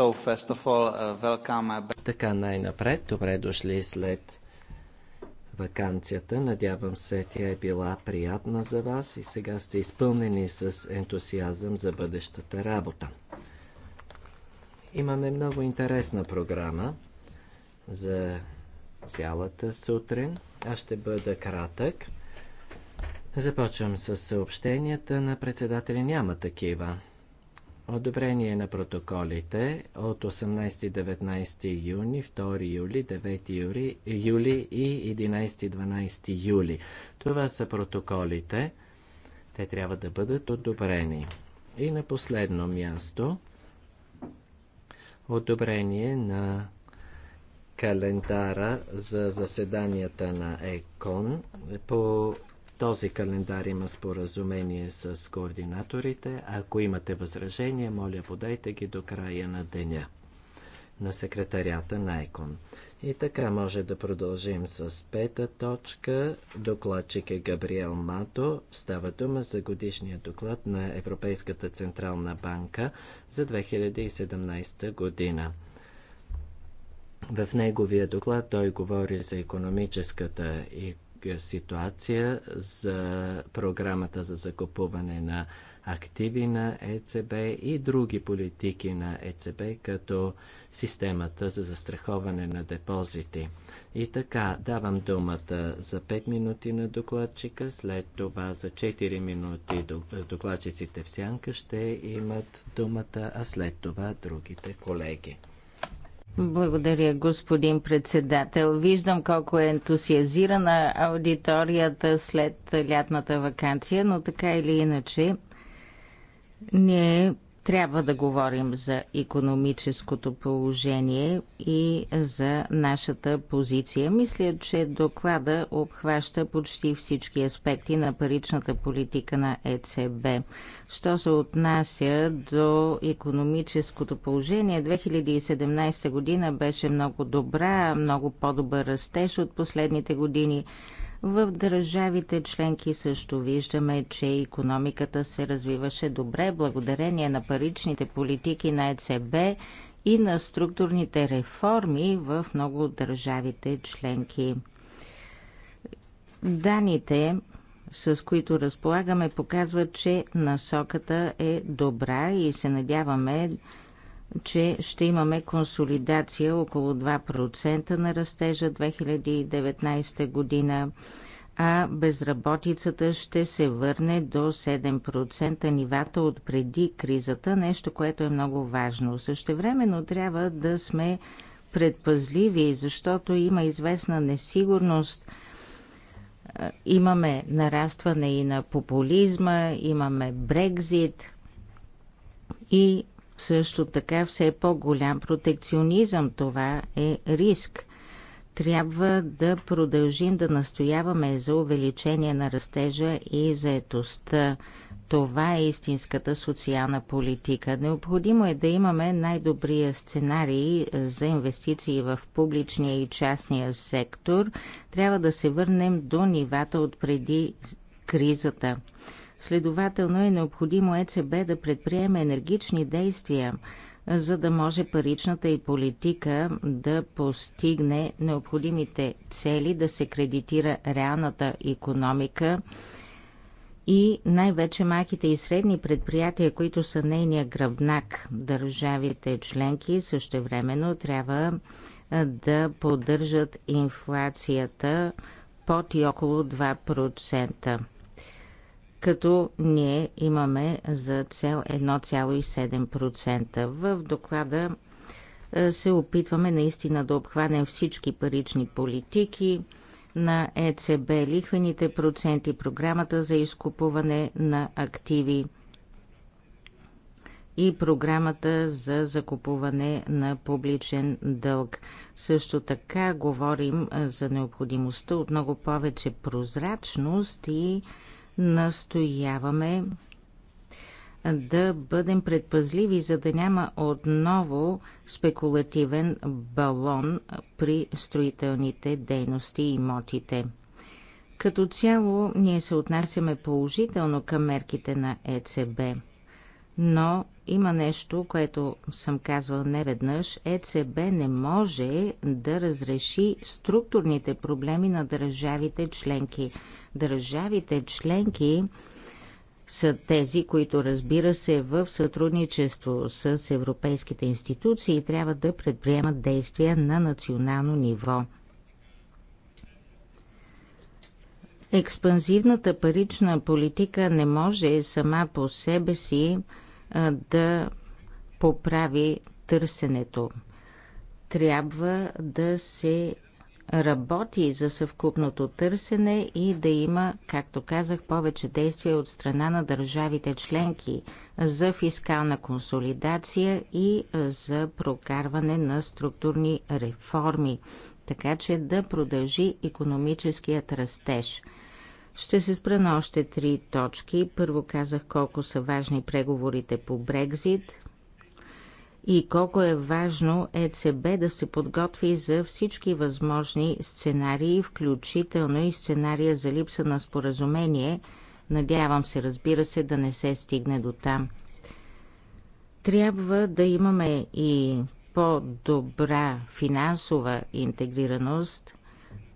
So, first of all, uh, welcome. Uh, така най-напред, добре дошли след вакансията. Надявам се, тя е била приятна за вас и сега сте изпълнени с ентусиазъм за бъдещата работа. Имаме много интересна програма за цялата сутрин. Аз ще бъда кратък. Започвам с съобщенията на председателя. Няма такива. Одобрение на протоколите от 18-19 юни, 2 юли, 9 юли, юли и 11-12 юли. Това са протоколите. Те трябва да бъдат одобрени. И на последно място одобрение на календара за заседанията на ЕКОН по този календар има споразумение с координаторите. Ако имате възражения, моля подайте ги до края на деня на секретарята на ЕКОН. И така може да продължим с пета точка. Докладчик е Габриел Мато. Става дума за годишния доклад на Европейската Централна банка за 2017 година. В неговия доклад той говори за економическата и ситуация за програмата за закупуване на активи на ЕЦБ и други политики на ЕЦБ, като системата за застраховане на депозити. И така, давам думата за 5 минути на докладчика, след това за 4 минути докладчиците в сянка ще имат думата, а след това другите колеги. Благодаря, господин председател. Виждам колко е ентусиазирана аудиторията след лятната вакансия, но така или иначе ние трябва да говорим за економическото положение и за нашата позиция. Мисля, че доклада обхваща почти всички аспекти на паричната политика на ЕЦБ. Що се отнася до економическото положение, 2017 година беше много добра, много по-добър растеж от последните години. В държавите членки също виждаме, че економиката се развиваше добре благодарение на паричните политики на ЕЦБ и на структурните реформи в много от държавите членки. Даните, с които разполагаме, показват, че насоката е добра и се надяваме че ще имаме консолидация около 2% на растежа 2019 година, а безработицата ще се върне до 7% нивата от преди кризата, нещо, което е много важно. Същевременно трябва да сме предпазливи, защото има известна несигурност – имаме нарастване и на популизма, имаме Брекзит и също така все по-голям протекционизъм. Това е риск. Трябва да продължим да настояваме за увеличение на растежа и заетостта. Това е истинската социална политика. Необходимо е да имаме най-добрия сценарий за инвестиции в публичния и частния сектор. Трябва да се върнем до нивата от преди кризата. Следователно е необходимо ЕЦБ да предприеме енергични действия, за да може паричната и политика да постигне необходимите цели, да се кредитира реалната економика и най-вече малките и средни предприятия, които са нейния гръбнак. Държавите членки същевременно трябва да поддържат инфлацията под и около 2% като ние имаме за цел 1,7%. В доклада е, се опитваме наистина да обхванем всички парични политики на ЕЦБ, лихвените проценти, програмата за изкупуване на активи и програмата за закупуване на публичен дълг. Също така говорим е, за необходимостта от много повече прозрачност и настояваме да бъдем предпазливи, за да няма отново спекулативен балон при строителните дейности и имотите. Като цяло ние се отнасяме положително към мерките на ЕЦБ – но има нещо, което съм казвал неведнъж. ЕЦБ не може да разреши структурните проблеми на държавите членки. Държавите членки са тези, които разбира се в сътрудничество с европейските институции трябва да предприемат действия на национално ниво. Експанзивната парична политика не може сама по себе си да поправи търсенето. Трябва да се работи за съвкупното търсене и да има, както казах, повече действия от страна на държавите членки за фискална консолидация и за прокарване на структурни реформи, така че да продължи економическият растеж – ще се спра на още три точки. Първо казах колко са важни преговорите по Брекзит и колко е важно ЕЦБ да се подготви за всички възможни сценарии, включително и сценария за липса на споразумение. Надявам се, разбира се, да не се стигне до там. Трябва да имаме и по-добра финансова интегрираност –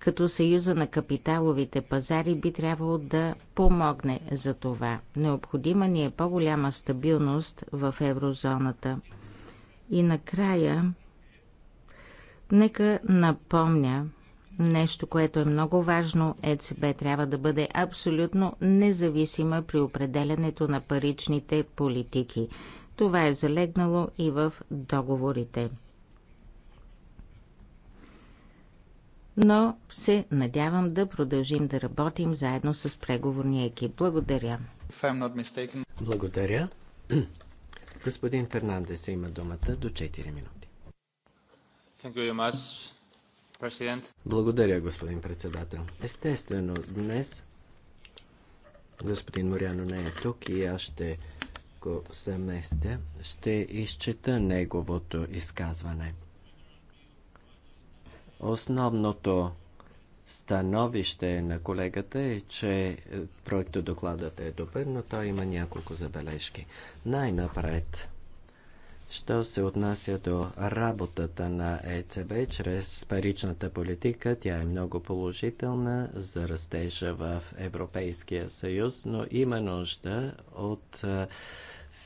като Съюза на капиталовите пазари би трябвало да помогне за това. Необходима ни е по-голяма стабилност в еврозоната. И накрая, нека напомня нещо, което е много важно. ЕЦБ трябва да бъде абсолютно независима при определенето на паричните политики. Това е залегнало и в договорите. но се надявам да продължим да работим заедно с преговорния екип. Благодаря. Благодаря. Господин Фернандес има думата до 4 минути. Much, Благодаря, господин председател. Естествено, днес господин Моряно не е тук и аз ще го съместя. Ще изчета неговото изказване. Основното становище на колегата е, че е, проектодокладът е добър, но той има няколко забележки. Най-напред, що се отнася до работата на ЕЦБ чрез паричната политика, тя е много положителна за растежа в Европейския съюз, но има нужда от е,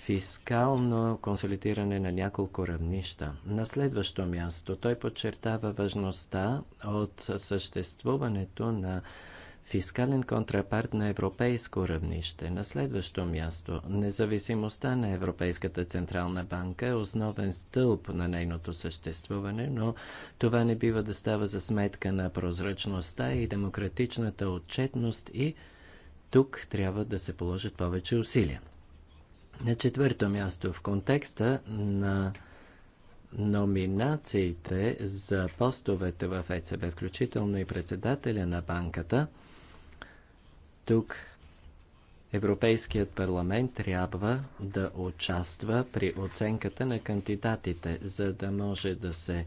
фискално консолидиране на няколко равнища. На следващо място той подчертава важността от съществуването на фискален контрапарт на европейско равнище. На следващо място, независимостта на Европейската Централна банка е основен стълб на нейното съществуване, но това не бива да става за сметка на прозрачността и демократичната отчетност и тук трябва да се положат повече усилия. На четвърто място, в контекста на номинациите за постовете в ЕЦБ, включително и председателя на банката, тук Европейският парламент трябва да участва при оценката на кандидатите, за да може да се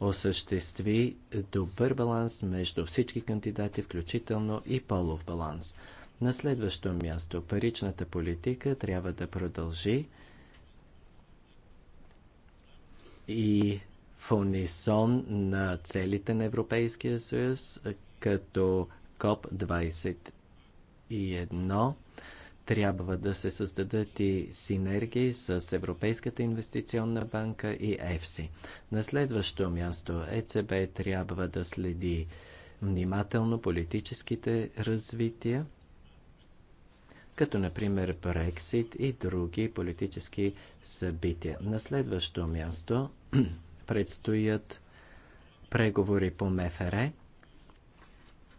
осъществи добър баланс между всички кандидати, включително и полов баланс. На следващо място, паричната политика трябва да продължи и в унисон на целите на Европейския съюз, като КОП-21 трябва да се създадат и синергии с Европейската инвестиционна банка и ЕФСИ. На следващо място ЕЦБ трябва да следи внимателно политическите развития като например Брексит и други политически събития. На следващо място предстоят преговори по МФР.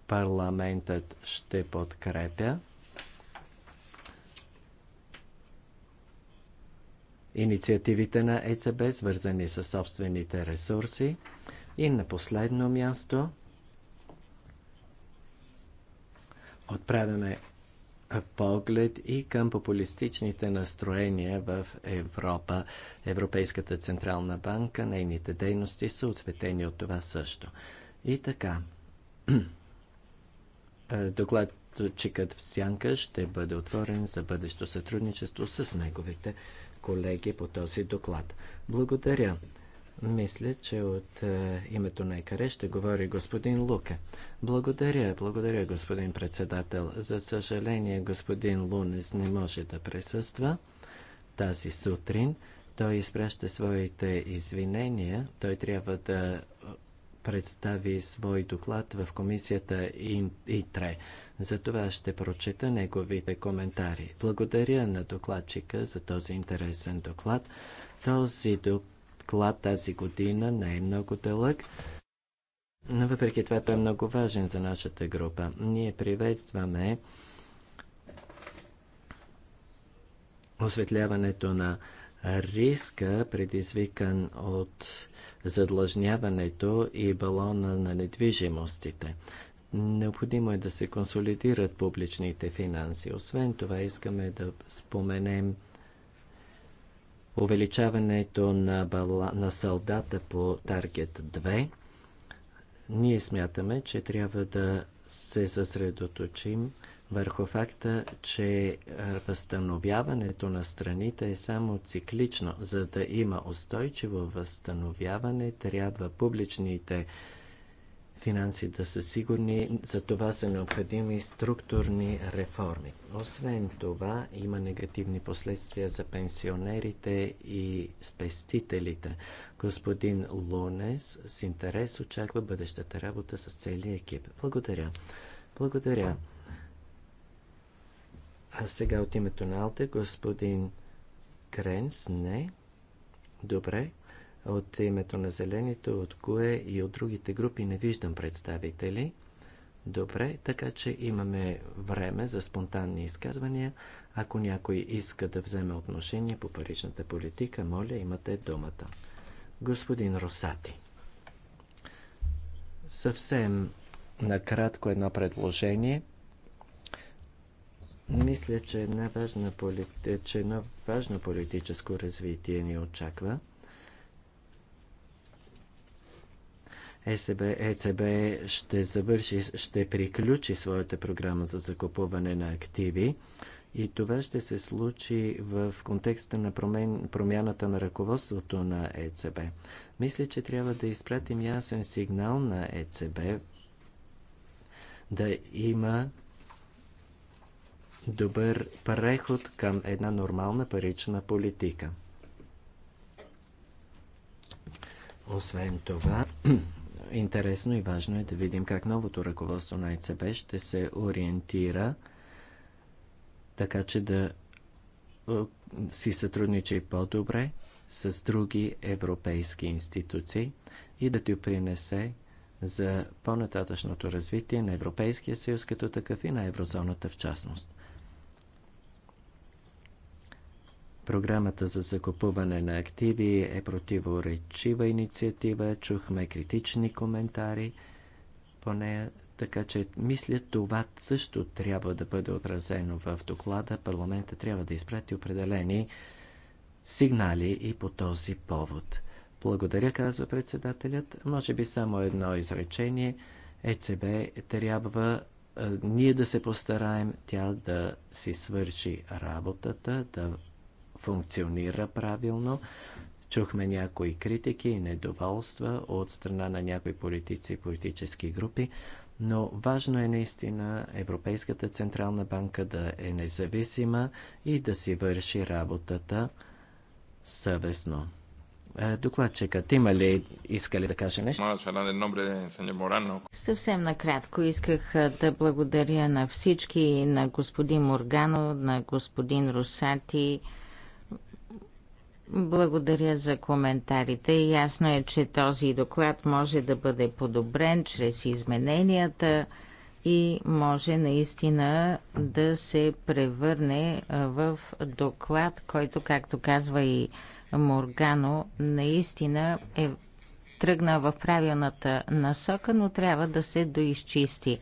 Парламентът ще подкрепя инициативите на ЕЦБ, свързани с собствените ресурси. И на последно място отправяме поглед и към популистичните настроения в Европа. Европейската Централна банка, нейните дейности са ответени от това също. И така, докладчикът в Сянка ще бъде отворен за бъдещо сътрудничество с неговите колеги по този доклад. Благодаря. Мисля, че от е, името на Екаре ще говори господин Лука. Благодаря, благодаря, господин председател. За съжаление, господин Лунес не може да присъства тази сутрин. Той изпраща своите извинения. Той трябва да представи свой доклад в комисията ИТРЕ. За това ще прочета неговите коментари. Благодаря на докладчика за този интересен доклад. Този доклад доклад тази година не е много дълъг, но въпреки това той е много важен за нашата група. Ние приветстваме осветляването на риска, предизвикан от задлъжняването и балона на недвижимостите. Необходимо е да се консолидират публичните финанси. Освен това, искаме да споменем увеличаването на, бала, на солдата по Таргет 2, ние смятаме, че трябва да се съсредоточим върху факта, че е, възстановяването на страните е само циклично. За да има устойчиво възстановяване, трябва публичните финанси да са сигурни, за това са необходими структурни реформи. Освен това, има негативни последствия за пенсионерите и спестителите. Господин Лонес, с интерес очаква бъдещата работа с целия екип. Благодаря. Благодаря. А сега от името на Алте, господин Кренс, не. Добре. От името на Зелените, от кое и от другите групи не виждам представители. Добре, така че имаме време за спонтанни изказвания. Ако някой иска да вземе отношение по паричната политика, моля, имате думата. Господин Росати, съвсем накратко едно предложение. Мисля, че една важна, че едно важно политическо развитие ни очаква – ЕСБ, ЕЦБ ще завърши, ще приключи своята програма за закупуване на активи и това ще се случи в контекста на промен, промяната на ръководството на ЕЦБ. Мисля, че трябва да изпратим ясен сигнал на ЕЦБ да има добър преход към една нормална парична политика. Освен това, Интересно и важно е да видим как новото ръководство на ЕЦБ ще се ориентира така, че да е, си сътрудничи по-добре с други европейски институции и да ти принесе за по-нататъчното развитие на Европейския съюз като такъв и на еврозоната в частност. Програмата за закупуване на активи е противоречива инициатива. Чухме критични коментари по нея, така че мисля това също трябва да бъде отразено в доклада. Парламента трябва да изпрати определени сигнали и по този повод. Благодаря, казва председателят. Може би само едно изречение. ЕЦБ трябва ние да се постараем тя да си свърши работата, да функционира правилно. Чухме някои критики и недоволства от страна на някои политици и политически групи, но важно е наистина Европейската Централна банка да е независима и да си върши работата съвестно. Е, докладчикът има ли искали да каже нещо? Съвсем накратко исках е, да благодаря на всички, на господин Моргано, на господин Русати, благодаря за коментарите. Ясно е, че този доклад може да бъде подобрен чрез измененията и може наистина да се превърне в доклад, който, както казва и Моргано, наистина е тръгна в правилната насока, но трябва да се доизчисти.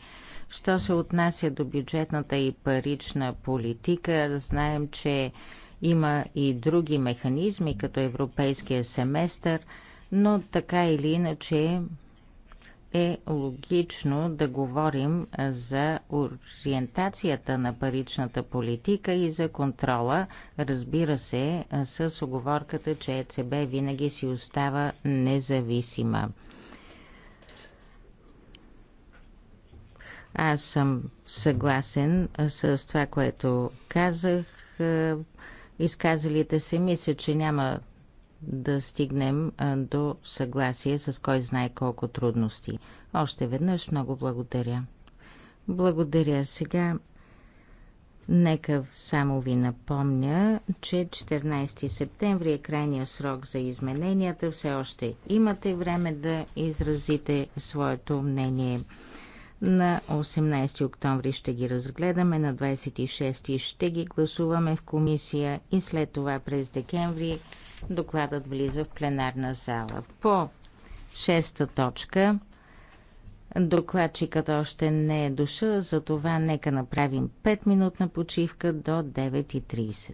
Що се отнася до бюджетната и парична политика, знаем, че има и други механизми, като европейския семестър, но така или иначе е логично да говорим за ориентацията на паричната политика и за контрола, разбира се, с оговорката, че ЕЦБ винаги си остава независима. Аз съм съгласен с това, което казах изказалите се, мисля, че няма да стигнем до съгласие с кой знае колко трудности. Още веднъж много благодаря. Благодаря сега. Нека само ви напомня, че 14 септември е крайния срок за измененията. Все още имате време да изразите своето мнение. На 18 октомври ще ги разгледаме, на 26 ще ги гласуваме в комисия и след това през декември докладът влиза в пленарна зала. По шеста точка докладчикът още не е дошъл, затова нека направим 5-минутна почивка до 9.30.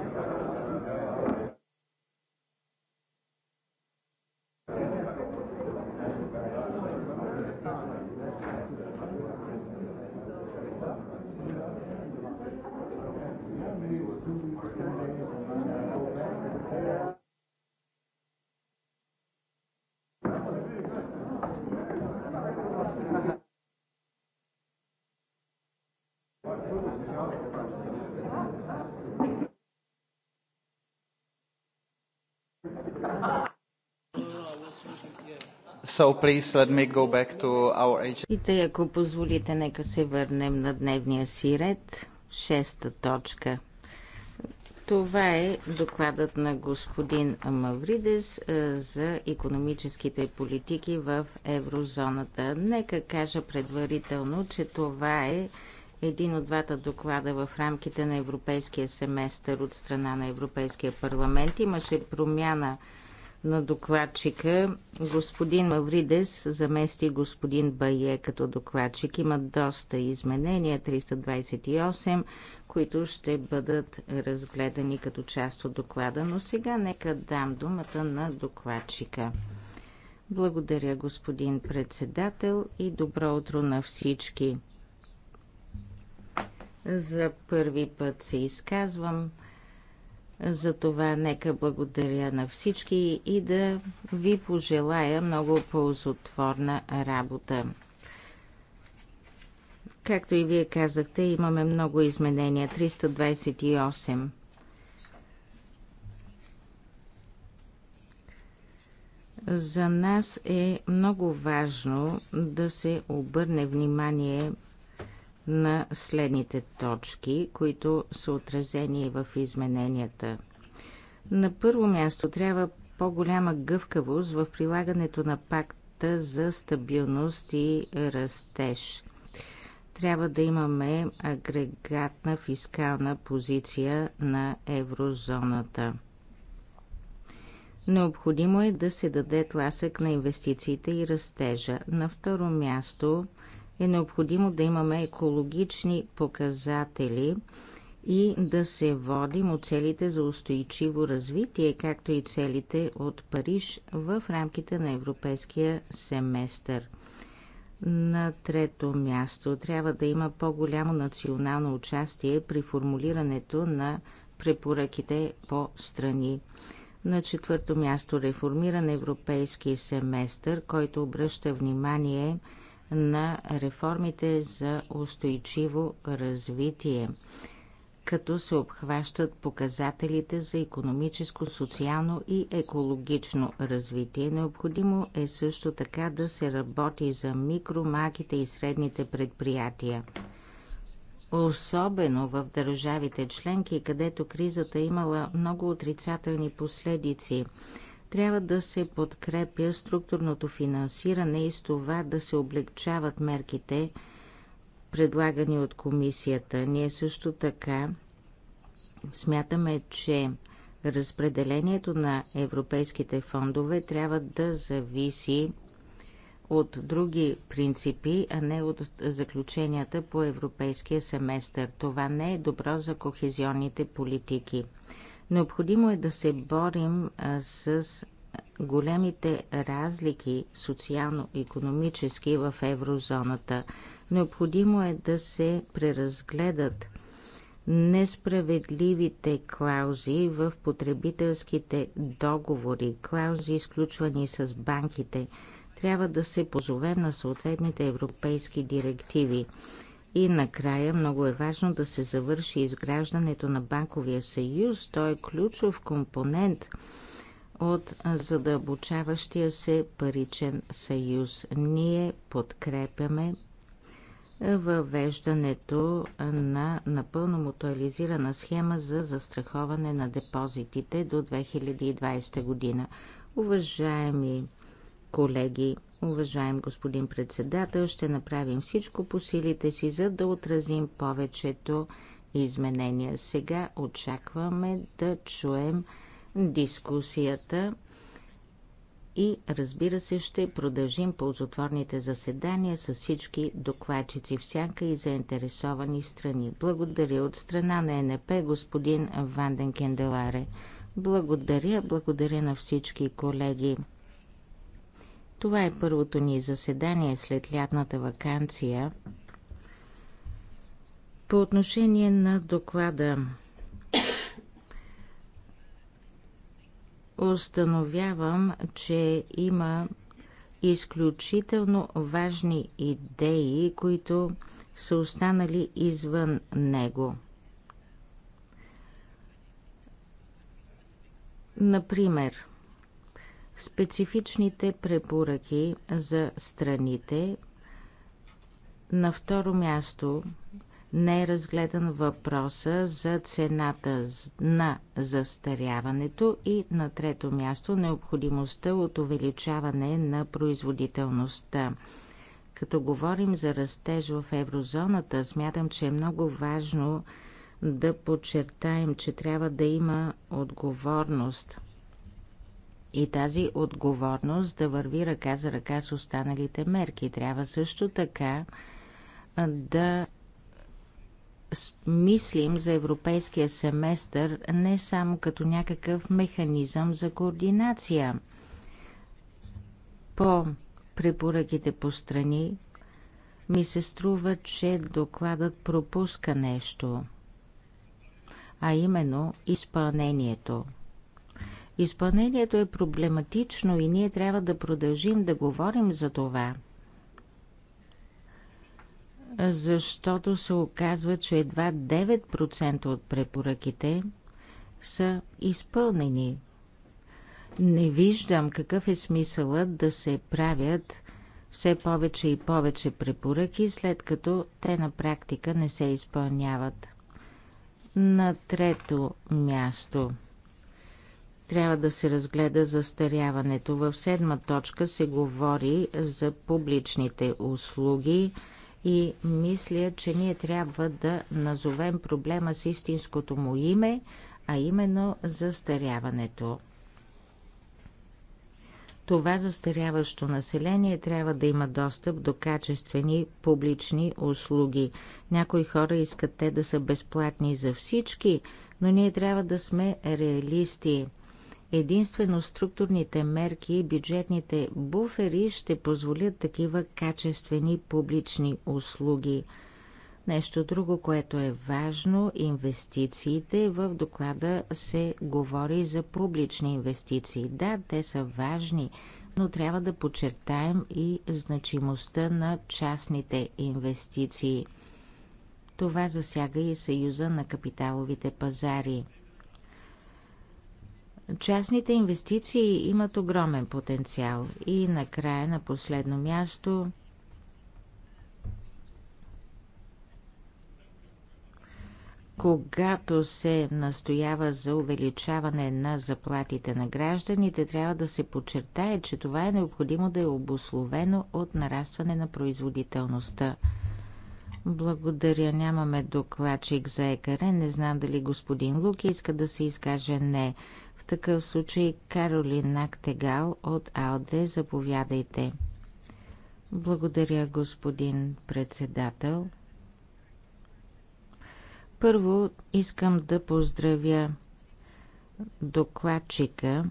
So И тъй, ако позволите, нека се върнем на дневния си ред. Шеста точка. Това е докладът на господин Мавридес е, за економическите политики в еврозоната. Нека кажа предварително, че това е един от двата доклада в рамките на европейския семестър от страна на Европейския парламент. Имаше промяна на докладчика. Господин Мавридес замести господин Бае като докладчик. Има доста изменения, 328, които ще бъдат разгледани като част от доклада, но сега нека дам думата на докладчика. Благодаря, господин председател, и добро утро на всички. За първи път се изказвам за това нека благодаря на всички и да ви пожелая много ползотворна работа. Както и вие казахте, имаме много изменения. 328. За нас е много важно да се обърне внимание на следните точки, които са отразени в измененията. На първо място трябва по-голяма гъвкавост в прилагането на пакта за стабилност и растеж. Трябва да имаме агрегатна фискална позиция на еврозоната. Необходимо е да се даде тласък на инвестициите и растежа. На второ място – е необходимо да имаме екологични показатели и да се водим от целите за устойчиво развитие, както и целите от Париж в рамките на европейския семестър. На трето място трябва да има по-голямо национално участие при формулирането на препоръките по страни. На четвърто място реформиран европейски семестър, който обръща внимание на на реформите за устойчиво развитие, като се обхващат показателите за економическо, социално и екологично развитие. Необходимо е също така да се работи за микро, малките и средните предприятия. Особено в държавите членки, където кризата е имала много отрицателни последици – трябва да се подкрепя структурното финансиране и с това да се облегчават мерките, предлагани от комисията. Ние също така смятаме, че разпределението на европейските фондове трябва да зависи от други принципи, а не от заключенията по европейския семестър. Това не е добро за кохезионните политики. Необходимо е да се борим с големите разлики социално-економически в еврозоната. Необходимо е да се преразгледат несправедливите клаузи в потребителските договори, клаузи изключвани с банките. Трябва да се позовем на съответните европейски директиви. И накрая много е важно да се завърши изграждането на банковия съюз. Той е ключов компонент от задълбочаващия се паричен съюз. Ние подкрепяме въвеждането на напълно мутуализирана схема за застраховане на депозитите до 2020 година. Уважаеми колеги, Уважаем господин председател, ще направим всичко по силите си, за да отразим повечето изменения. Сега очакваме да чуем дискусията и разбира се ще продължим ползотворните заседания с всички докладчици всяка и заинтересовани страни. Благодаря от страна на НП господин Ванден Кенделаре. Благодаря, благодаря на всички колеги. Това е първото ни заседание след лятната вакансия. По отношение на доклада установявам, че има изключително важни идеи, които са останали извън него. Например, Специфичните препоръки за страните. На второ място не е разгледан въпроса за цената на застаряването и на трето място необходимостта от увеличаване на производителността. Като говорим за растеж в еврозоната, смятам, че е много важно да подчертаем, че трябва да има отговорност. И тази отговорност да върви ръка за ръка с останалите мерки. Трябва също така да мислим за европейския семестър не само като някакъв механизъм за координация. По препоръките по страни ми се струва, че докладът пропуска нещо, а именно изпълнението – Изпълнението е проблематично и ние трябва да продължим да говорим за това. Защото се оказва, че едва 9% от препоръките са изпълнени. Не виждам какъв е смисълът да се правят все повече и повече препоръки, след като те на практика не се изпълняват. На трето място – трябва да се разгледа застаряването. В седма точка се говори за публичните услуги и мисля, че ние трябва да назовем проблема с истинското му име, а именно застаряването. Това застаряващо население трябва да има достъп до качествени публични услуги. Някои хора искат те да са безплатни за всички, но ние трябва да сме реалисти – Единствено структурните мерки и бюджетните буфери ще позволят такива качествени публични услуги. Нещо друго, което е важно, инвестициите. В доклада се говори за публични инвестиции. Да, те са важни, но трябва да подчертаем и значимостта на частните инвестиции. Това засяга и Съюза на капиталовите пазари – Частните инвестиции имат огромен потенциал. И накрая, на последно място, когато се настоява за увеличаване на заплатите на гражданите, трябва да се подчертае, че това е необходимо да е обословено от нарастване на производителността. Благодаря, нямаме докладчик за екаре. Не знам дали господин Луки иска да се изкаже. Не. В такъв случай Каролин Нактегал от Алде, заповядайте. Благодаря, господин председател. Първо искам да поздравя докладчика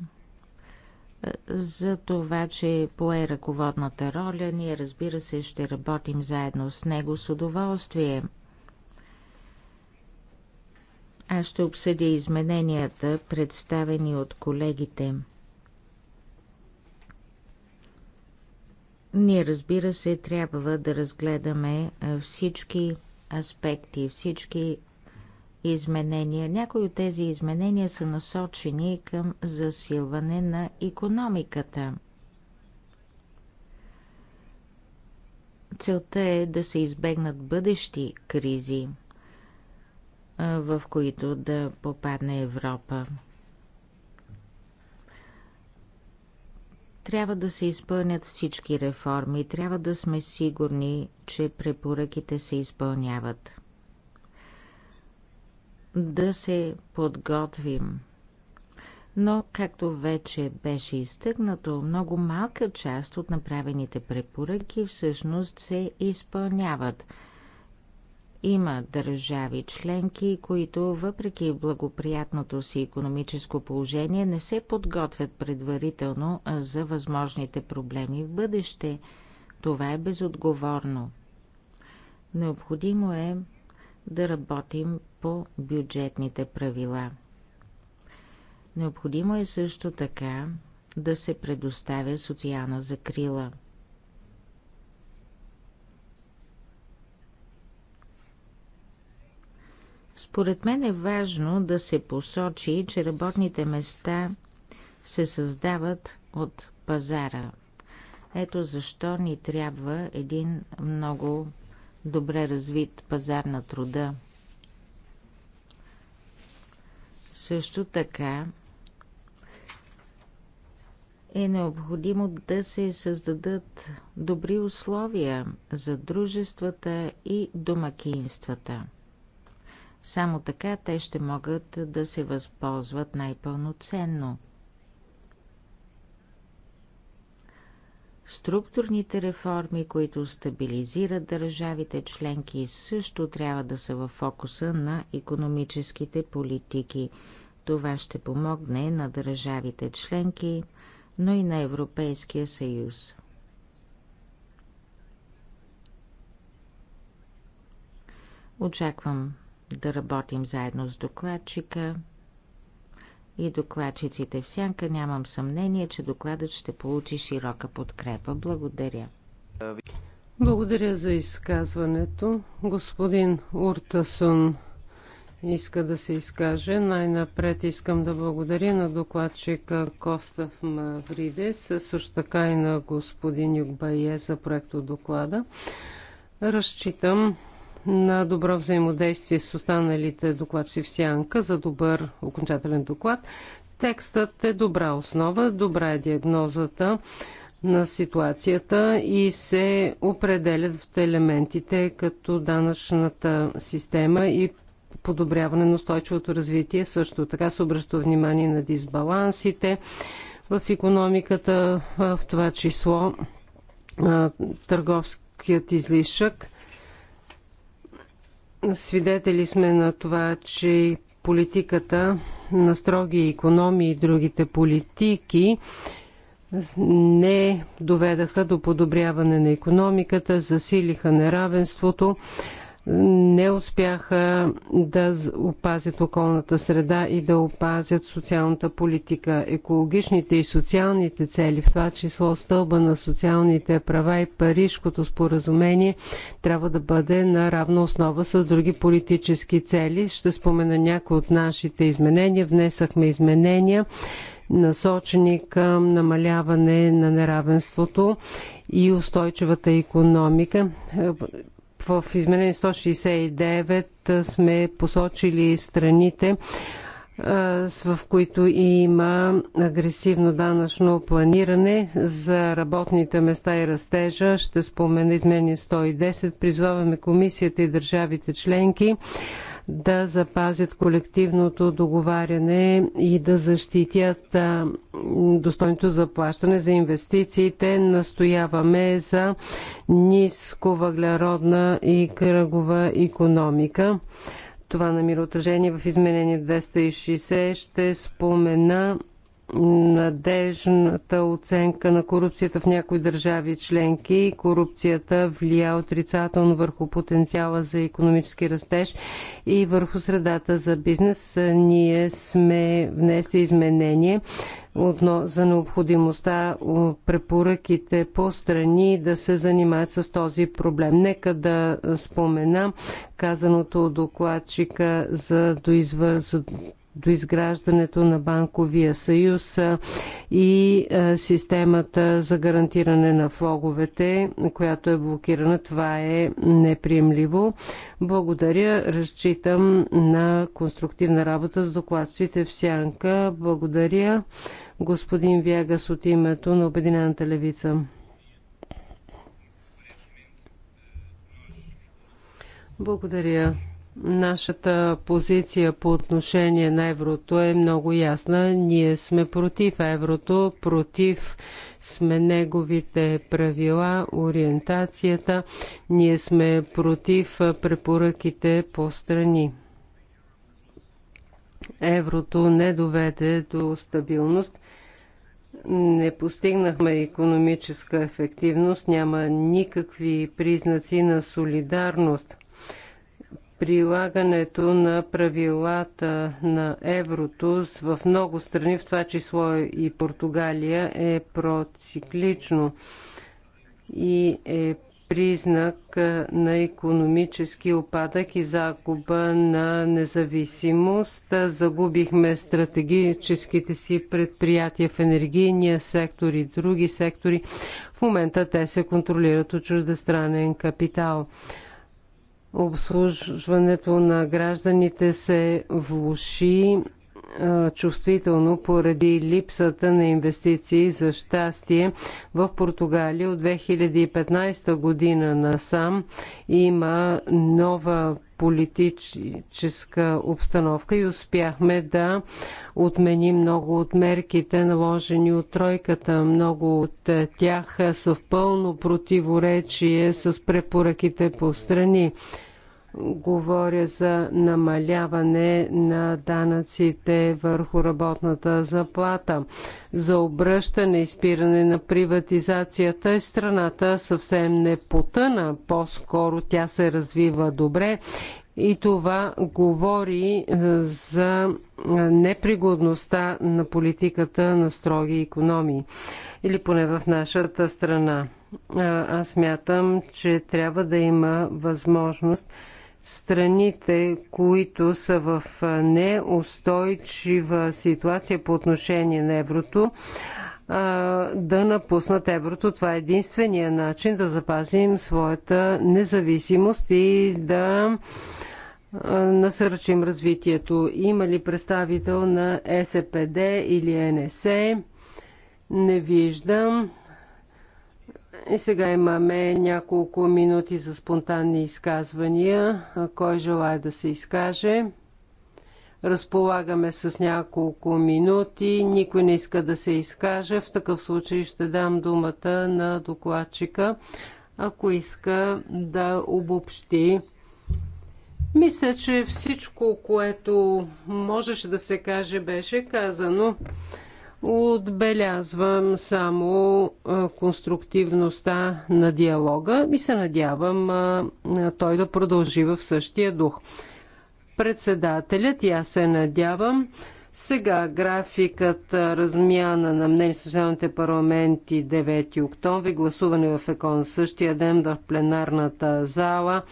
е, за това, че пое ръководната роля. Ние, разбира се, ще работим заедно с него с удоволствие – аз ще обсъдя измененията, представени от колегите. Ние, разбира се, трябва да разгледаме всички аспекти, всички изменения. Някои от тези изменения са насочени към засилване на економиката. Целта е да се избегнат бъдещи кризи – в които да попадне Европа. Трябва да се изпълнят всички реформи, трябва да сме сигурни, че препоръките се изпълняват. Да се подготвим. Но, както вече беше изтъкнато, много малка част от направените препоръки всъщност се изпълняват – има държави членки, които въпреки благоприятното си економическо положение не се подготвят предварително за възможните проблеми в бъдеще. Това е безотговорно. Необходимо е да работим по бюджетните правила. Необходимо е също така да се предоставя социална закрила. Според мен е важно да се посочи, че работните места се създават от пазара. Ето защо ни трябва един много добре развит пазар на труда. Също така е необходимо да се създадат добри условия за дружествата и домакинствата – само така те ще могат да се възползват най-пълноценно. Структурните реформи, които стабилизират държавите членки, също трябва да са в фокуса на економическите политики. Това ще помогне на държавите членки, но и на Европейския съюз. Очаквам да работим заедно с докладчика и докладчиците в сянка. Нямам съмнение, че докладът ще получи широка подкрепа. Благодаря. Благодаря за изказването. Господин Уртасун иска да се изкаже. Най-напред искам да благодаря на докладчика Костав Мавридес, също така и на господин Югбае за проекто доклада. Разчитам на добро взаимодействие с останалите докладчи в сянка за добър окончателен доклад. Текстът е добра основа, добра е диагнозата на ситуацията и се определят в елементите като данъчната система и подобряване на устойчивото развитие. Също така се обръща внимание на дисбалансите в економиката, в това число търговският излишък – Свидетели сме на това, че политиката на строги економии и другите политики не доведаха до подобряване на економиката, засилиха неравенството, не успяха да опазят околната среда и да опазят социалната политика. Екологичните и социалните цели, в това число стълба на социалните права и Парижкото споразумение, трябва да бъде на равна основа с други политически цели. Ще спомена някои от нашите изменения. Внесахме изменения насочени към намаляване на неравенството и устойчивата економика в изменение 169 сме посочили страните, в които има агресивно данъчно планиране за работните места и растежа. Ще спомена изменение 110. Призваваме комисията и държавите членки да запазят колективното договаряне и да защитят достойното заплащане за инвестициите. Настояваме за ниско въглеродна и кръгова економика. Това намира отражение в изменение 260. Ще спомена надежната оценка на корупцията в някои държави членки. Корупцията влия отрицателно върху потенциала за економически растеж и върху средата за бизнес. Ние сме внесли изменение Одно за необходимостта препоръките по страни да се занимават с този проблем. Нека да спомена казаното от докладчика за, доизвър до изграждането на банковия съюз и системата за гарантиране на влоговете, която е блокирана. Това е неприемливо. Благодаря. Разчитам на конструктивна работа с докладците в Сянка. Благодаря господин Вягас от името на Обединената левица. Благодаря. Нашата позиция по отношение на еврото е много ясна. Ние сме против еврото, против сме неговите правила, ориентацията. Ние сме против препоръките по страни. Еврото не доведе до стабилност. Не постигнахме економическа ефективност, няма никакви признаци на солидарност прилагането на правилата на еврото в много страни, в това число и Португалия, е проциклично и е признак на економически опадък и загуба на независимост. Загубихме стратегическите си предприятия в енергийния сектор и други сектори. В момента те се контролират от чуждестранен капитал обслужването на гражданите се влуши чувствително поради липсата на инвестиции за щастие в Португалия от 2015 година насам има нова политическа обстановка и успяхме да отменим много от мерките, наложени от тройката. Много от тях са в пълно противоречие с препоръките по страни. Говоря за намаляване на данъците върху работната заплата, за обръщане и спиране на приватизацията. и Страната съвсем не потъна, по-скоро тя се развива добре и това говори е, за е, непригодността на политиката на строги економии или поне в нашата страна. Аз мятам, че трябва да има възможност страните, които са в неустойчива ситуация по отношение на еврото, да напуснат еврото. Това е единствения начин да запазим своята независимост и да насърчим развитието. Има ли представител на СПД или НСЕ? Не виждам. И сега имаме няколко минути за спонтанни изказвания. Кой желая да се изкаже? Разполагаме с няколко минути. Никой не иска да се изкаже. В такъв случай ще дам думата на докладчика, ако иска да обобщи. Мисля, че всичко, което можеше да се каже, беше казано. Отбелязвам само конструктивността на диалога и се надявам той да продължи в същия дух. Председателят, я се надявам, сега графикът размяна на мнение с социалните парламенти 9 октомври, гласуване в ЕКОН същия ден в пленарната зала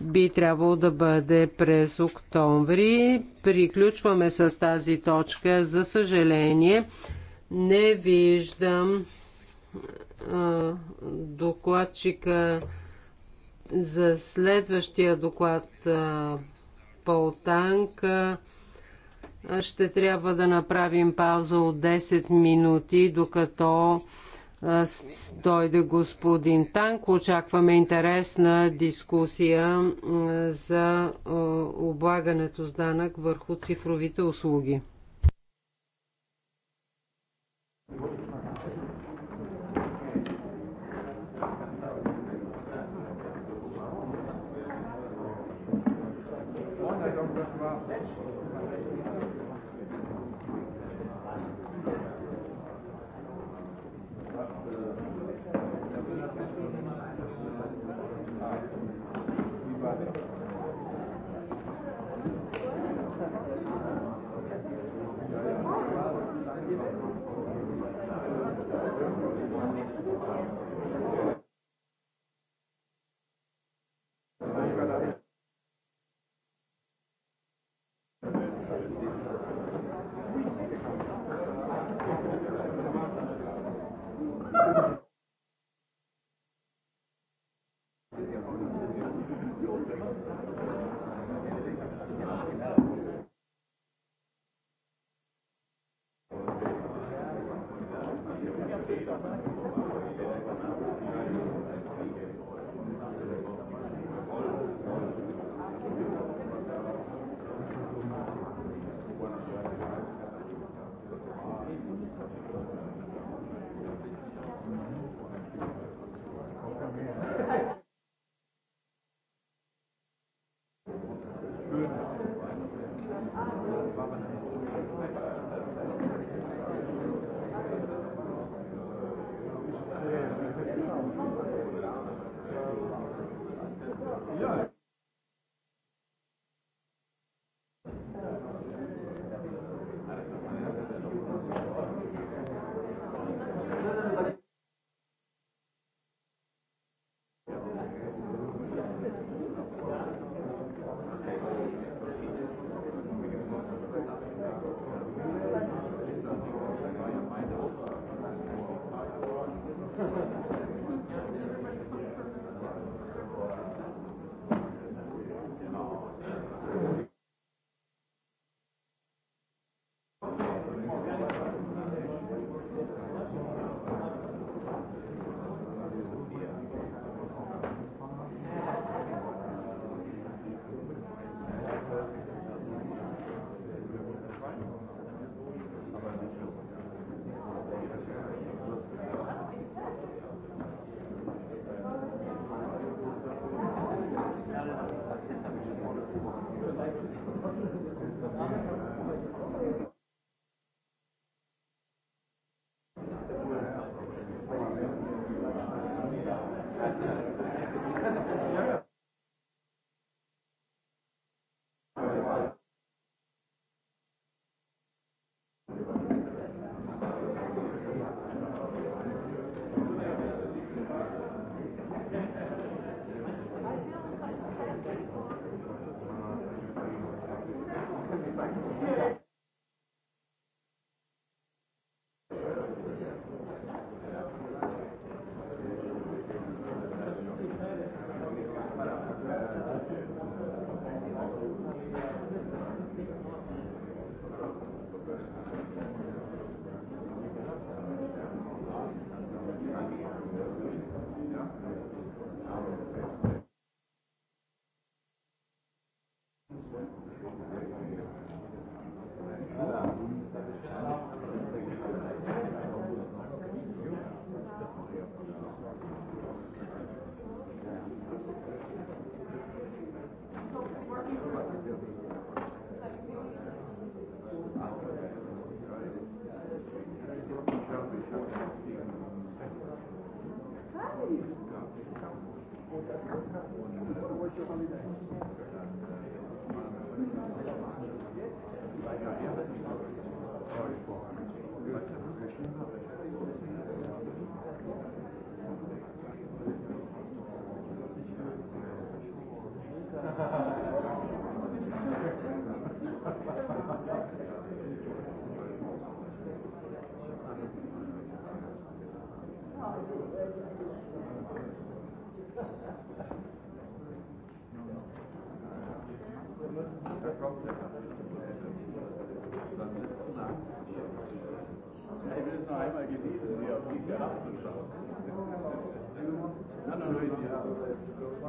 би трябвало да бъде през октомври. Приключваме с тази точка. За съжаление, не виждам а, докладчика за следващия доклад а, Полтанк. Ще трябва да направим пауза от 10 минути, докато дойде господин Танк. Очакваме интересна дискусия за облагането с данък върху цифровите услуги.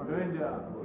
Grande água.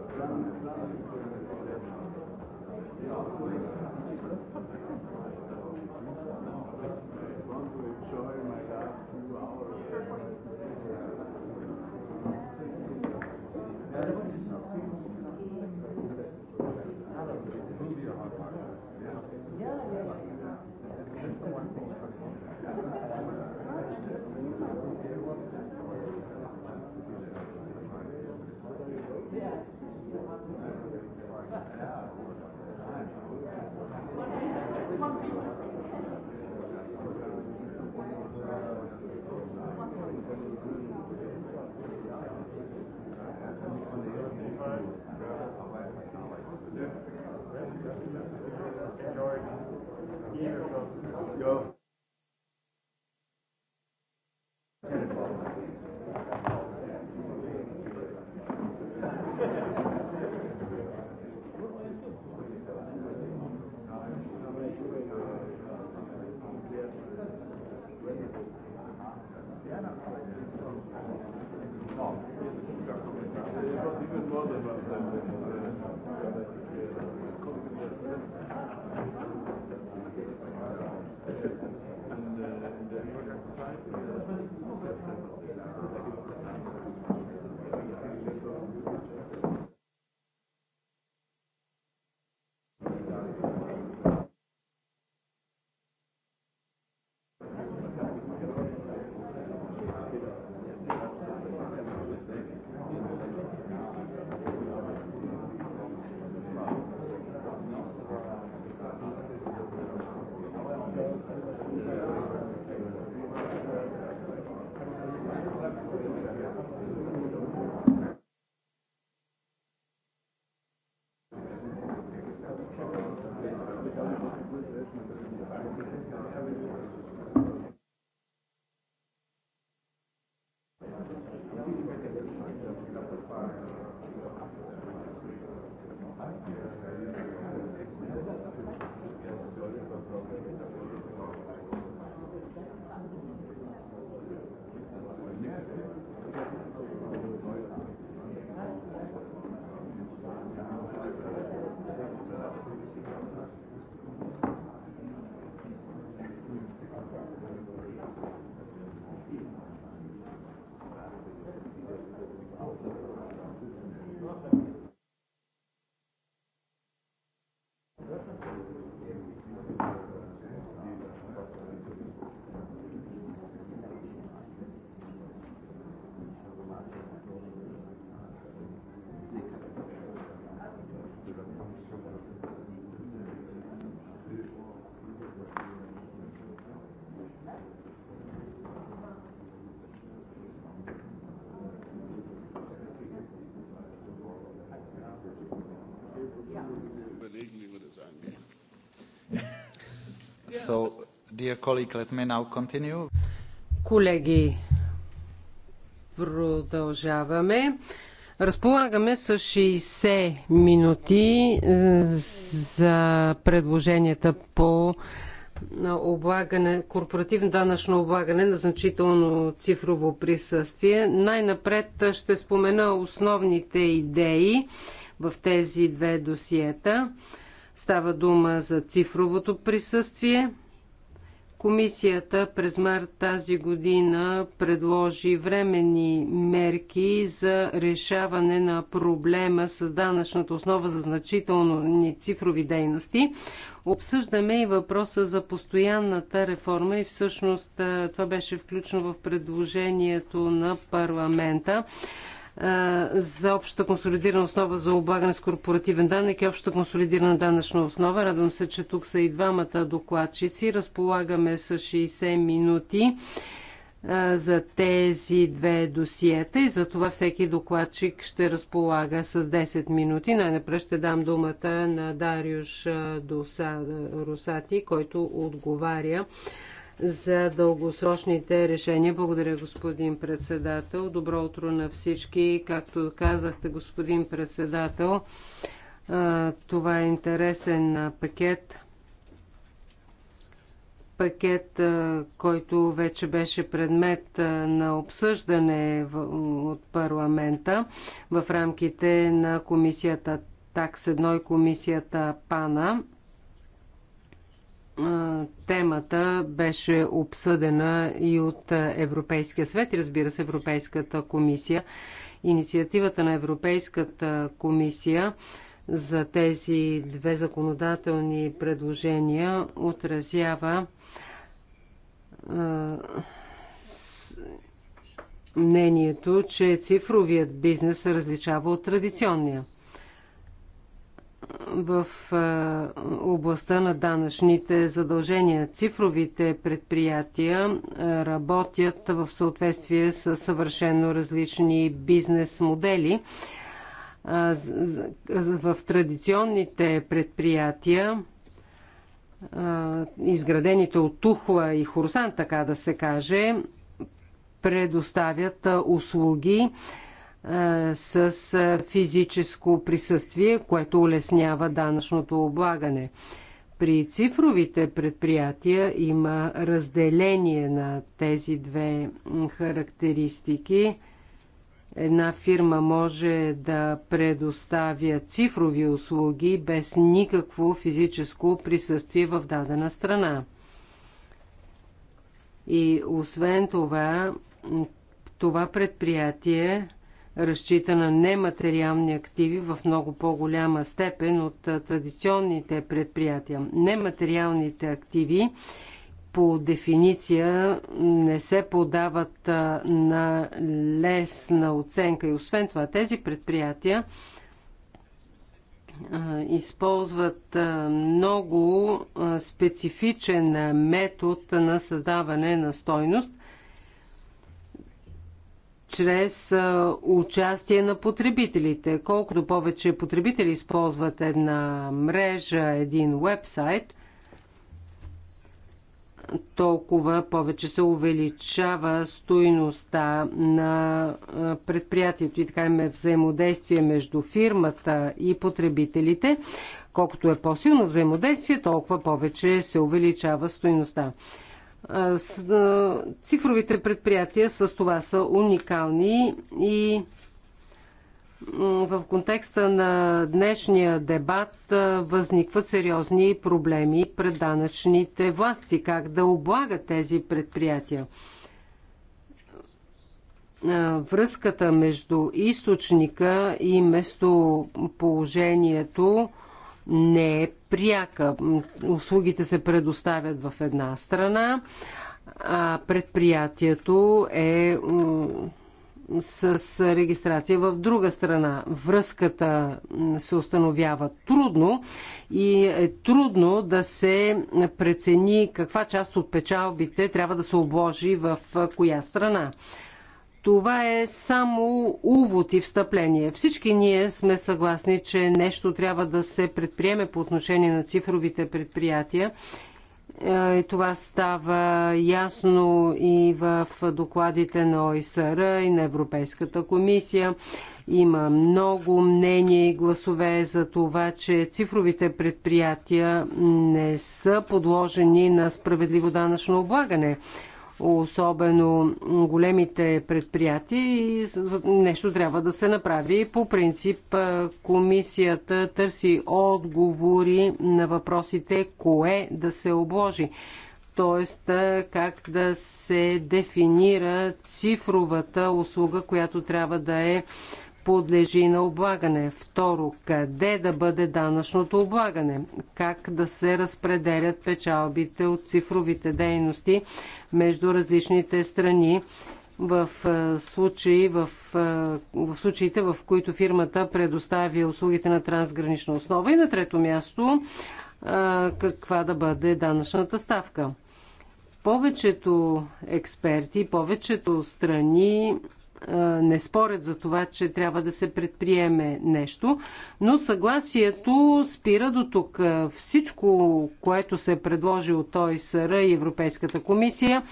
Go. So, dear colleague, let me now continue. Колеги, продължаваме. Разполагаме с 60 минути е, за предложенията по облагане, корпоративно данъчно облагане на значително цифрово присъствие. Най-напред ще спомена основните идеи в тези две досиета. Става дума за цифровото присъствие. Комисията през март тази година предложи временни мерки за решаване на проблема с данъчната основа за значителни цифрови дейности. Обсъждаме и въпроса за постоянната реформа и всъщност това беше включено в предложението на парламента за общата консолидирана основа за облагане с корпоративен данък и общата консолидирана данъчна основа. Радвам се, че тук са и двамата докладчици. Разполагаме с 60 минути за тези две досиета и за това всеки докладчик ще разполага с 10 минути. Най-напред ще дам думата на Дариуш Русати, който отговаря за дългосрочните решения. Благодаря, господин председател. Добро утро на всички. Както казахте, господин председател, това е интересен пакет. Пакет, който вече беше предмет на обсъждане от парламента в рамките на комисията ТАКС 1 и комисията ПАНА темата беше обсъдена и от Европейския свет и разбира се Европейската комисия. Инициативата на Европейската комисия за тези две законодателни предложения отразява мнението, че цифровият бизнес се различава от традиционния в областта на данъчните задължения. Цифровите предприятия работят в съответствие с съвършено различни бизнес модели. В традиционните предприятия, изградените от Тухла и Хорсан, така да се каже, предоставят услуги, е, с е, физическо присъствие, което улеснява данъчното облагане. При цифровите предприятия има разделение на тези две характеристики. Една фирма може да предоставя цифрови услуги без никакво физическо присъствие в дадена страна. И освен това, това предприятие разчита на нематериални активи в много по-голяма степен от традиционните предприятия. Нематериалните активи по дефиниция не се подават на лесна оценка и освен това тези предприятия използват много специфичен метод на създаване на стойност чрез участие на потребителите. Колкото повече потребители използват една мрежа, един вебсайт, толкова повече се увеличава стоиността на предприятието и така има взаимодействие между фирмата и потребителите. Колкото е по-силно взаимодействие, толкова повече се увеличава стоиността. Цифровите предприятия с това са уникални и в контекста на днешния дебат възникват сериозни проблеми пред данъчните власти. Как да облагат тези предприятия? Връзката между източника и местоположението не е пряка. Услугите се предоставят в една страна, а предприятието е с регистрация в друга страна. Връзката се установява трудно и е трудно да се прецени каква част от печалбите трябва да се обложи в коя страна. Това е само увод и встъпление. Всички ние сме съгласни, че нещо трябва да се предприеме по отношение на цифровите предприятия. Е, и това става ясно и в докладите на ОИСР и на Европейската комисия. Има много мнения и гласове за това, че цифровите предприятия не са подложени на справедливо данъчно облагане особено големите предприятия и нещо трябва да се направи. По принцип комисията търси отговори на въпросите кое да се обложи т.е. как да се дефинира цифровата услуга, която трябва да е подлежи на облагане. Второ, къде да бъде данъчното облагане? Как да се разпределят печалбите от цифровите дейности между различните страни? В, случаи, в, в случаите, в които фирмата предоставя услугите на трансгранична основа. И на трето място, каква да бъде данъчната ставка повечето експерти, повечето страни не спорят за това, че трябва да се предприеме нещо, но съгласието спира до тук. Всичко, което се е от ОИСР и Европейската комисия,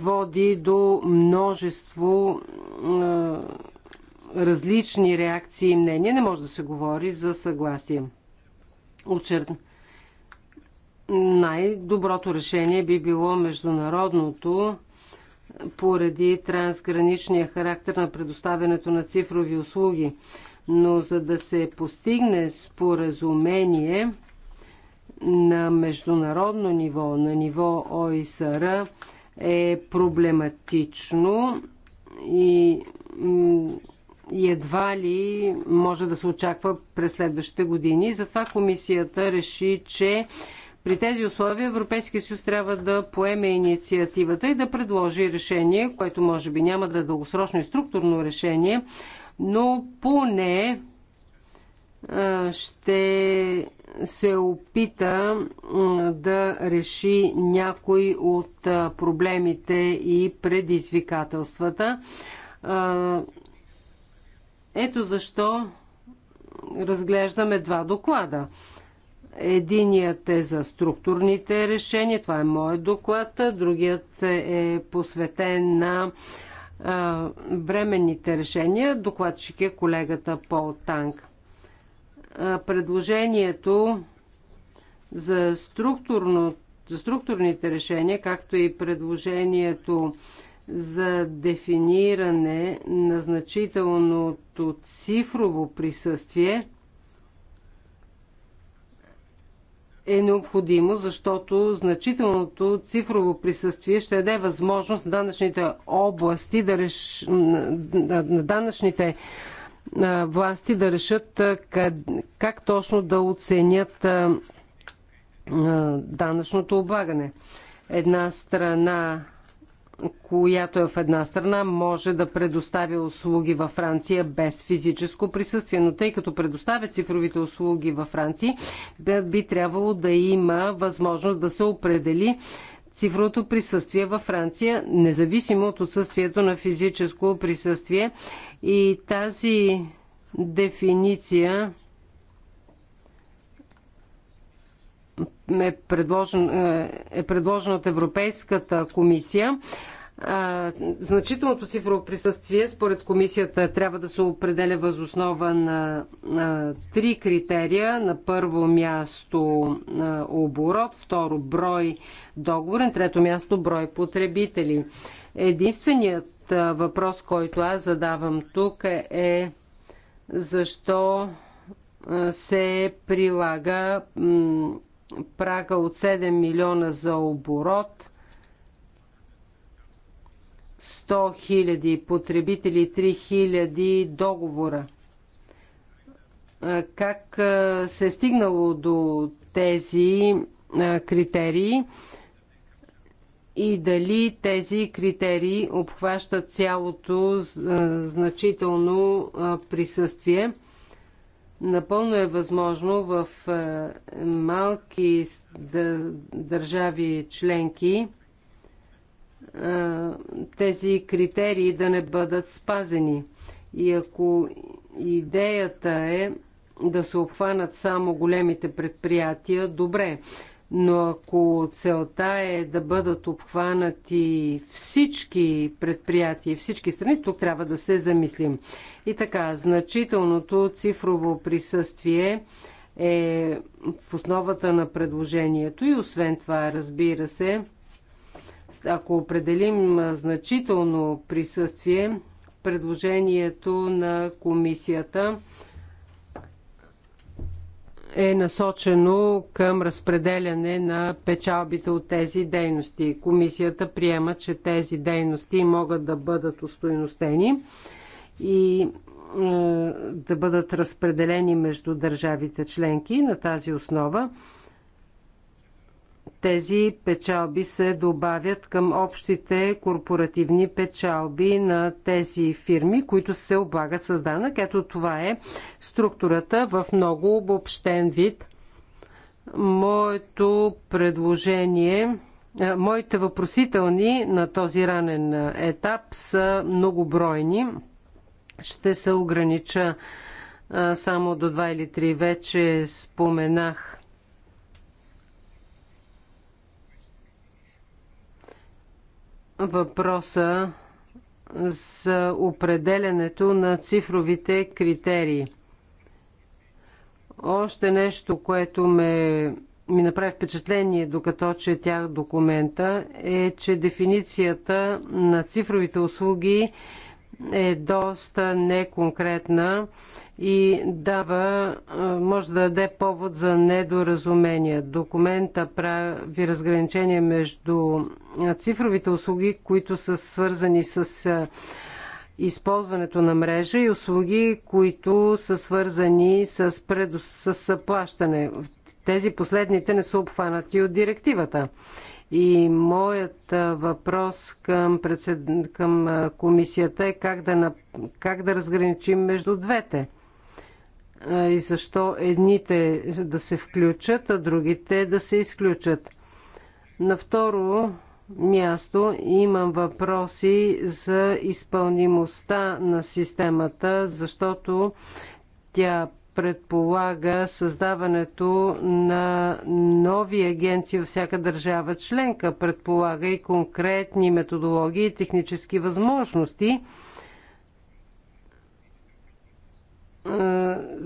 води до множество различни реакции и мнения. Не може да се говори за съгласие. Очерт. Най-доброто решение би било международното поради трансграничния характер на предоставянето на цифрови услуги. Но за да се постигне споразумение на международно ниво, на ниво ОИСР, е проблематично и, и едва ли може да се очаква през следващите години. Затова комисията реши, че при тези условия Европейския съюз трябва да поеме инициативата и да предложи решение, което може би няма да е дългосрочно и структурно решение, но поне ще се опита да реши някой от проблемите и предизвикателствата. Ето защо разглеждаме два доклада. Единият е за структурните решения, това е моят доклад, другият е посветен на временните решения. Докладчик е колегата Пол Танк. Предложението за, структурно, за структурните решения, както и предложението за дефиниране на значителното цифрово присъствие – е необходимо, защото значителното цифрово присъствие ще даде възможност на данъчните области да реш... на данъчните власти да решат как, точно да оценят данъчното облагане. Една страна която е в една страна, може да предоставя услуги във Франция без физическо присъствие. Но тъй като предоставя цифровите услуги във Франция, би трябвало да има възможност да се определи цифровото присъствие във Франция, независимо от отсъствието на физическо присъствие. И тази дефиниция е предложен, е предложен от Европейската комисия. Е, значителното цифрово присъствие, според комисията, трябва да се определя възоснова на, на три критерия. На първо място на е, оборот, второ брой договор, на трето място брой потребители. Единственият е, въпрос, който аз задавам тук е защо се прилага прага от 7 милиона за оборот, 100 хиляди потребители, 3 хиляди договора. Как се е стигнало до тези критерии и дали тези критерии обхващат цялото значително присъствие? Напълно е възможно в е, малки държави членки е, тези критерии да не бъдат спазени. И ако идеята е да се обхванат само големите предприятия, добре. Но ако целта е да бъдат обхванати всички предприятия всички страни, тук трябва да се замислим. И така, значителното цифрово присъствие е в основата на предложението и освен това, разбира се, ако определим значително присъствие, предложението на комисията – е насочено към разпределяне на печалбите от тези дейности. Комисията приема, че тези дейности могат да бъдат устойностени и е, да бъдат разпределени между държавите членки на тази основа тези печалби се добавят към общите корпоративни печалби на тези фирми, които се облагат с данък. Ето това е структурата в много обобщен вид. Моето предложение е, Моите въпросителни на този ранен етап са многобройни. Ще се огранича само до два или три. Вече споменах въпроса за определенето на цифровите критерии. Още нещо, което ме ми направи впечатление, докато четях документа, е, че дефиницията на цифровите услуги е доста неконкретна и дава, може да даде повод за недоразумение. Документа прави разграничение между цифровите услуги, които са свързани с използването на мрежа и услуги, които са свързани с, предо... с плащане. Тези последните не са обхванати от директивата. И моят въпрос към, председ... към комисията е как да, на... как да разграничим между двете и защо едните да се включат, а другите да се изключат. На второ място имам въпроси за изпълнимостта на системата, защото тя предполага създаването на нови агенции във всяка държава членка, предполага и конкретни методологии и технически възможности –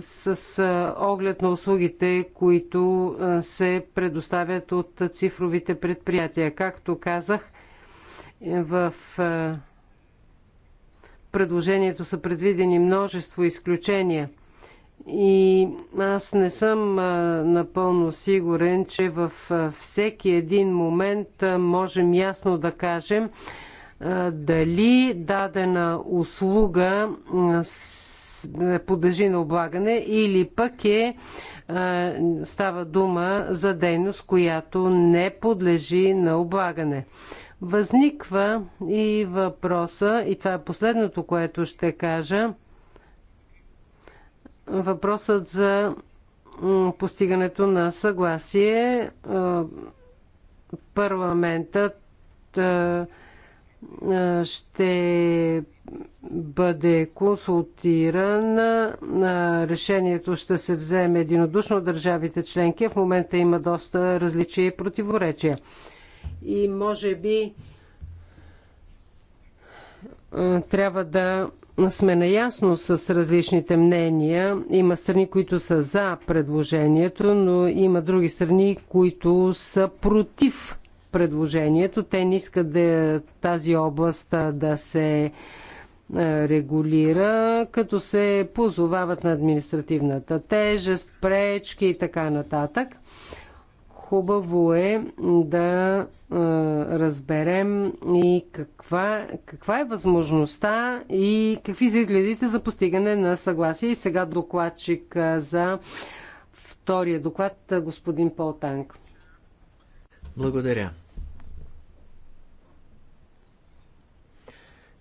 с оглед на услугите, които се предоставят от цифровите предприятия. Както казах, е, в предложението са предвидени множество изключения. И аз не съм напълно сигурен, че във всеки един момент можем ясно да кажем дали дадена услуга а, е, подлежи на облагане или пък е, е става дума за дейност, която не подлежи на облагане. Възниква и въпроса, и това е последното, което ще кажа, въпросът за постигането на съгласие. Е, парламентът ще бъде консултиран. Решението ще се вземе единодушно от държавите членки. В момента има доста различия и противоречия. И може би трябва да сме наясно с различните мнения. Има страни, които са за предложението, но има други страни, които са против предложението. Те не искат да, тази област да се е, регулира, като се позовават на административната тежест, пречки и така нататък. Хубаво е да е, разберем и каква, каква е възможността и какви са изгледите за постигане на съгласие. И сега докладчик е, за втория доклад, господин Полтанг. Благодаря.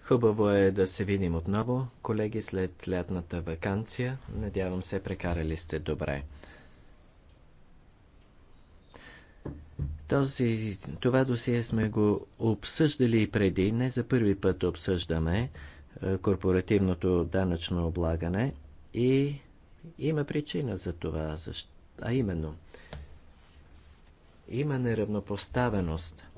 Хубаво е да се видим отново, колеги, след лятната вакансия. Надявам се, прекарали сте добре. Този, това досие сме го обсъждали и преди. Не за първи път обсъждаме е, корпоративното данъчно облагане и има причина за това, а именно има неравнопоставеност –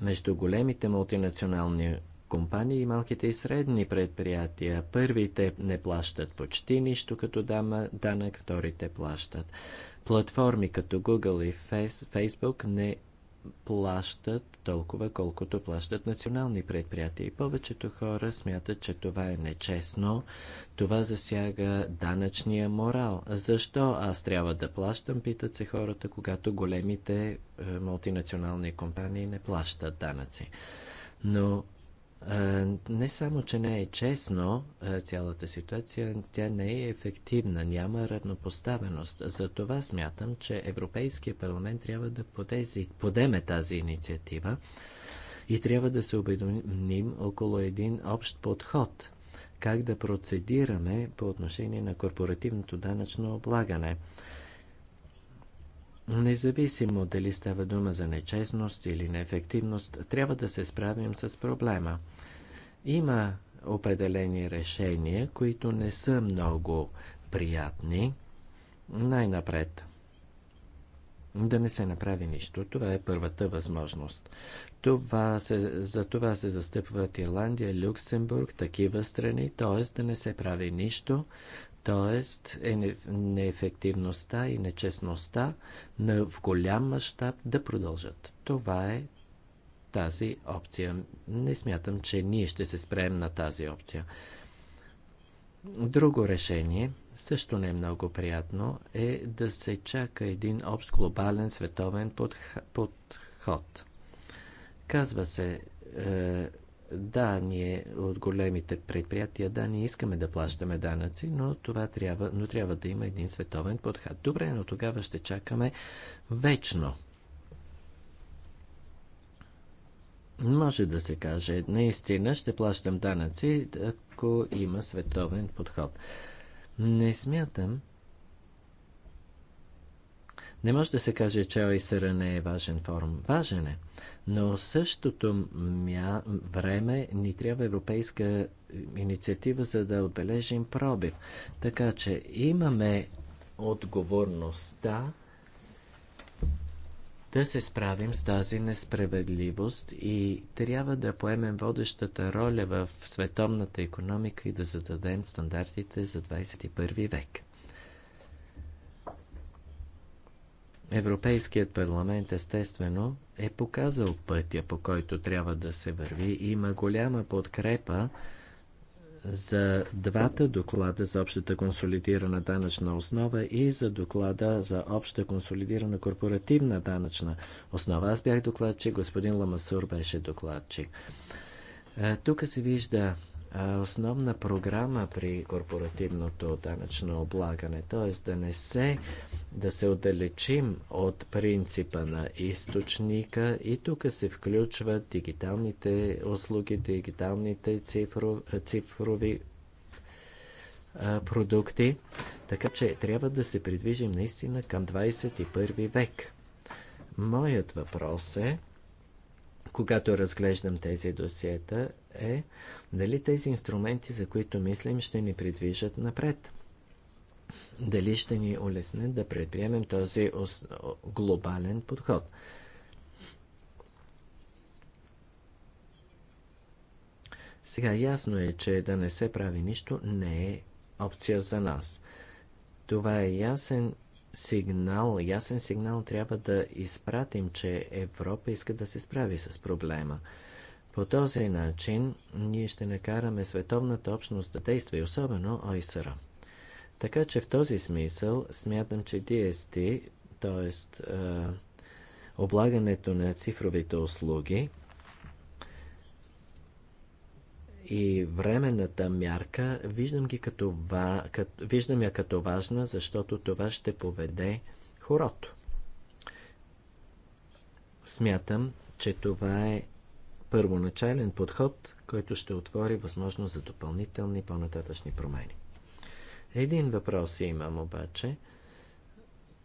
между големите мултинационални компании и малките и средни предприятия. Първите не плащат почти нищо като дама, данък, вторите плащат. Платформи като Google и Facebook не плащат толкова, колкото плащат национални предприятия. И повечето хора смятат, че това е нечестно, това засяга данъчния морал. Защо аз трябва да плащам, питат се хората, когато големите е, мултинационални компании не плащат данъци. Но не само, че не е честно цялата ситуация, тя не е ефективна, няма равнопоставеност. За това смятам, че Европейския парламент трябва да подези, подеме тази инициатива и трябва да се обединим около един общ подход как да процедираме по отношение на корпоративното данъчно облагане. Независимо дали става дума за нечестност или неефективност, трябва да се справим с проблема. Има определени решения, които не са много приятни. Най-напред да не се направи нищо. Това е първата възможност. Това се, за това се застъпват Ирландия, Люксембург, такива страни, т.е. да не се прави нищо, Тоест, е неефективността и нечестността на в голям мащаб да продължат. Това е тази опция. Не смятам, че ние ще се спрем на тази опция. Друго решение, също не е много приятно, е да се чака един общ глобален световен подход. Казва се, е, да, ние от големите предприятия, да, ние искаме да плащаме данъци, но това трябва, но трябва да има един световен подход. Добре, но тогава ще чакаме вечно. Може да се каже, наистина ще плащам данъци, ако има световен подход. Не смятам, не може да се каже, че ОИСР не е важен форум. Важен е. Но в същото мя... време ни трябва европейска инициатива, за да отбележим пробив. Така че имаме отговорността да се справим с тази несправедливост и трябва да поемем водещата роля в световната економика и да зададем стандартите за 21 век. Европейският парламент естествено е показал пътя, по който трябва да се върви. Има голяма подкрепа за двата доклада за общата консолидирана данъчна основа и за доклада за обща консолидирана корпоративна данъчна основа. Аз бях докладчик, господин Ламасур беше докладчик. Е, тук се вижда основна програма при корпоративното данъчно облагане, т.е. да не се да се отдалечим от принципа на източника и тук се включват дигиталните услуги, дигиталните цифров, цифрови а, продукти. Така че трябва да се придвижим наистина към 21 век. Моят въпрос е когато разглеждам тези досиета, е дали тези инструменти, за които мислим, ще ни придвижат напред. Дали ще ни улеснят да предприемем този глобален подход. Сега ясно е, че да не се прави нищо не е опция за нас. Това е ясен сигнал, ясен сигнал трябва да изпратим, че Европа иска да се справи с проблема. По този начин ние ще накараме световната общност да действа и особено ОИСР. Така че в този смисъл смятам, че DST, т.е. Е, облагането на цифровите услуги, и временната мярка, виждам, ги като, ва, като, виждам я като важна, защото това ще поведе хорото. Смятам, че това е първоначален подход, който ще отвори възможност за допълнителни по-нататъчни промени. Един въпрос имам обаче.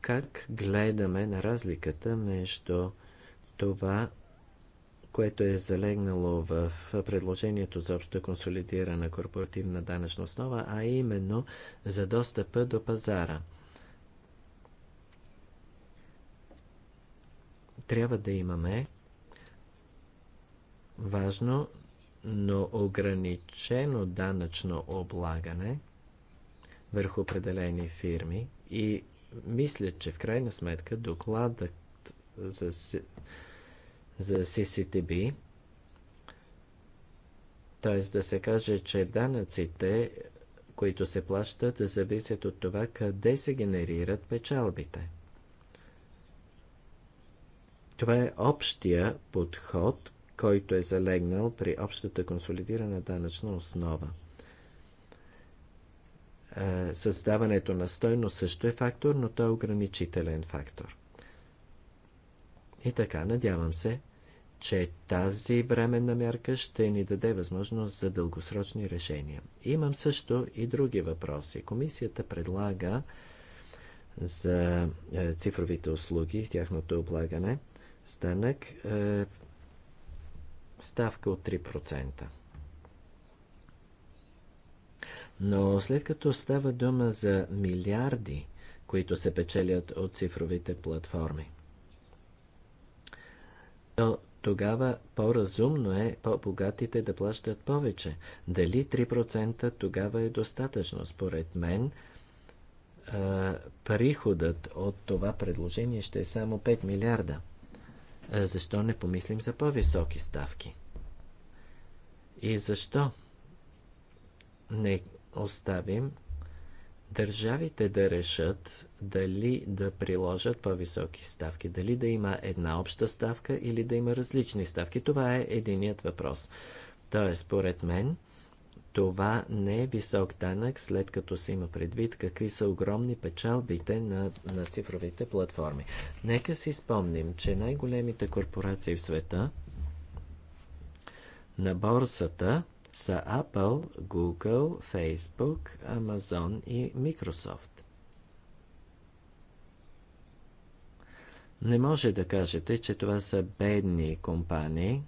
Как гледаме на разликата между това което е залегнало в предложението за обща консолидирана корпоративна данъчна основа, а именно за достъпа до пазара. Трябва да имаме важно, но ограничено данъчно облагане върху определени фирми и мисля, че в крайна сметка докладът за за CCTB, т.е. да се каже, че данъците, които се плащат, зависят от това къде се генерират печалбите. Това е общия подход, който е залегнал при общата консолидирана данъчна основа. Е, създаването на стойност също е фактор, но той е ограничителен фактор. И така, надявам се, че тази временна мярка ще ни даде възможност за дългосрочни решения. Имам също и други въпроси. Комисията предлага за е, цифровите услуги, тяхното облагане, станък е, ставка от 3%. Но след като става дума за милиарди, които се печелят от цифровите платформи, то тогава по-разумно е по-богатите да плащат повече. Дали 3% тогава е достатъчно? Според мен, а, приходът от това предложение ще е само 5 милиарда. А, защо не помислим за по-високи ставки? И защо не оставим държавите да решат дали да приложат по-високи ставки, дали да има една обща ставка или да има различни ставки. Това е единият въпрос. Тоест, според мен, това не е висок данък, след като се има предвид какви са огромни печалбите на, на цифровите платформи. Нека си спомним, че най-големите корпорации в света на борсата са Apple, Google, Facebook, Amazon и Microsoft. Не може да кажете, че това са бедни компании.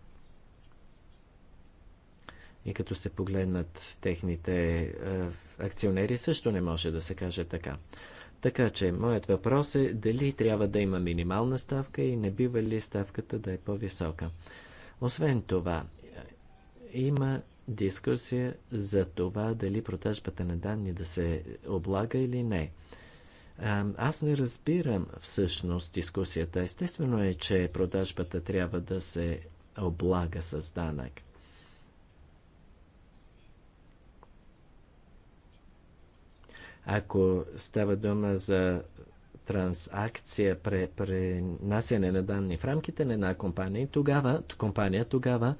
И като се погледнат техните е, акционери, също не може да се каже така. Така че, моят въпрос е дали трябва да има минимална ставка и не бива ли ставката да е по-висока. Освен това, има дискусия за това дали продажбата на данни да се облага или не. Аз не разбирам всъщност дискусията. Естествено е, че продажбата трябва да се облага с данък. Ако става дума за трансакция, пренасяне на данни в рамките на една компания, тогава, компания, тогава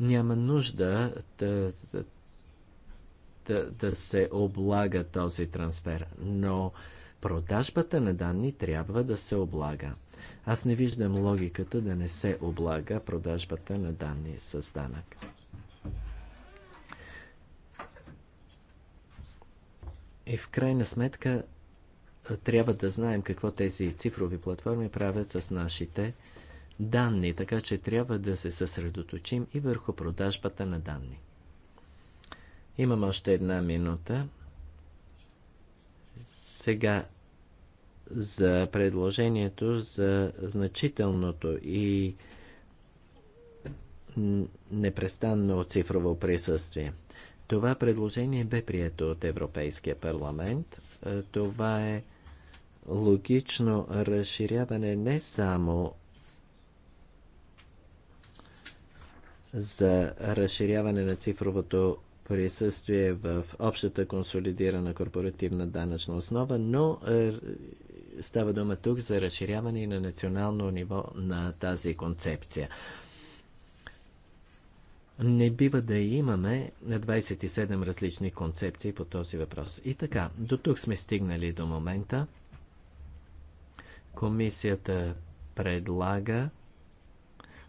няма нужда да, да, да се облага този трансфер. Но Продажбата на данни трябва да се облага. Аз не виждам логиката да не се облага продажбата на данни с данък. И в крайна сметка е, трябва да знаем какво тези цифрови платформи правят с нашите данни, така че трябва да се съсредоточим и върху продажбата на данни. Имам още една минута. Сега за предложението за значителното и непрестанно цифрово присъствие. Това предложение бе прието от Европейския парламент. Е, това е логично разширяване не само за разширяване на цифровото присъствие в общата консолидирана корпоративна данъчна основа, но е, става дума тук за разширяване на национално ниво на тази концепция. Не бива да имаме 27 различни концепции по този въпрос. И така, до тук сме стигнали до момента. Комисията предлага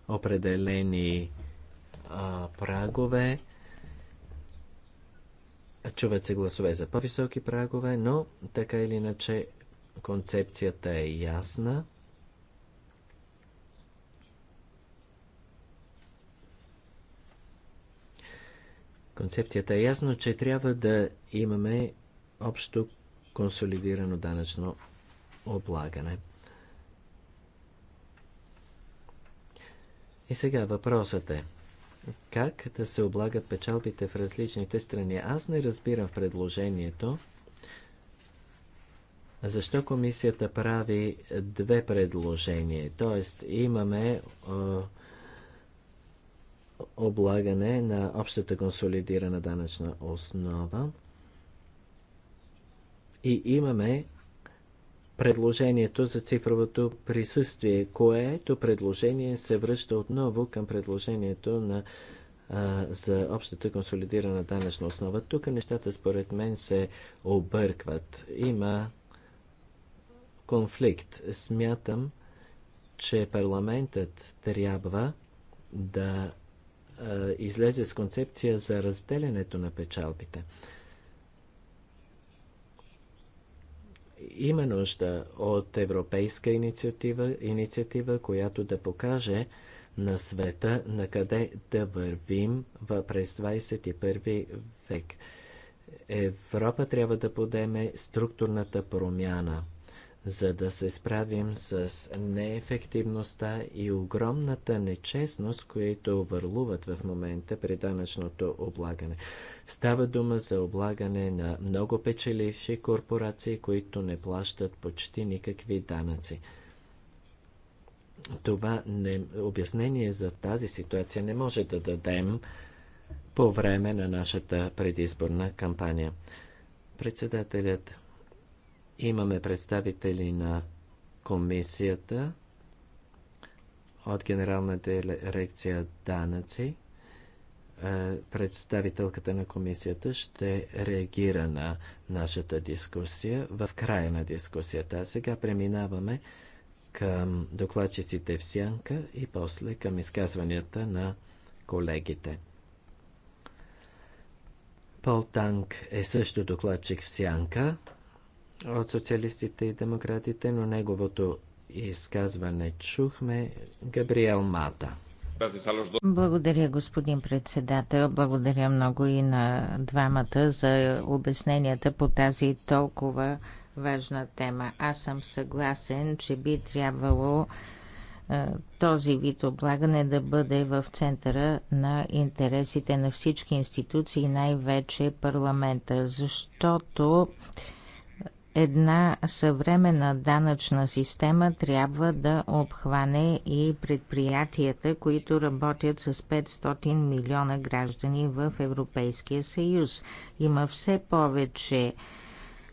определени а, прагове. Чуват се гласове за по-високи прагове, но така или иначе Концепцията е ясна. Концепцията е ясна, че трябва да имаме общо консолидирано данъчно облагане. И сега въпросът е как да се облагат печалбите в различните страни. Аз не разбирам в предложението защо комисията прави две предложения? Тоест имаме облагане на общата консолидирана данъчна основа и имаме предложението за цифровото присъствие, което предложение се връща отново към предложението на, а, за общата консолидирана данъчна основа. Тук нещата според мен се объркват. Има конфликт. Смятам, че парламентът трябва да излезе с концепция за разделянето на печалбите. Има нужда от европейска инициатива, инициатива, която да покаже на света на къде да вървим през 21 век. Европа трябва да подеме структурната промяна – за да се справим с неефективността и огромната нечестност, които върлуват в момента при данъчното облагане. Става дума за облагане на много печеливши корпорации, които не плащат почти никакви данъци. Това не, обяснение за тази ситуация не може да дадем по време на нашата предизборна кампания. Председателят Имаме представители на комисията от Генерална дирекция данъци. Е, представителката на комисията ще реагира на нашата дискусия в края на дискусията. А сега преминаваме към докладчиците в сянка и после към изказванията на колегите. Пол Танк е също докладчик в сянка от социалистите и демократите, но неговото изказване чухме Габриел Мата. Благодаря, господин председател. Благодаря много и на двамата за обясненията по тази толкова важна тема. Аз съм съгласен, че би трябвало е, този вид облагане да бъде в центъра на интересите на всички институции, най-вече парламента, защото Една съвременна данъчна система трябва да обхване и предприятията, които работят с 500 милиона граждани в Европейския съюз. Има все повече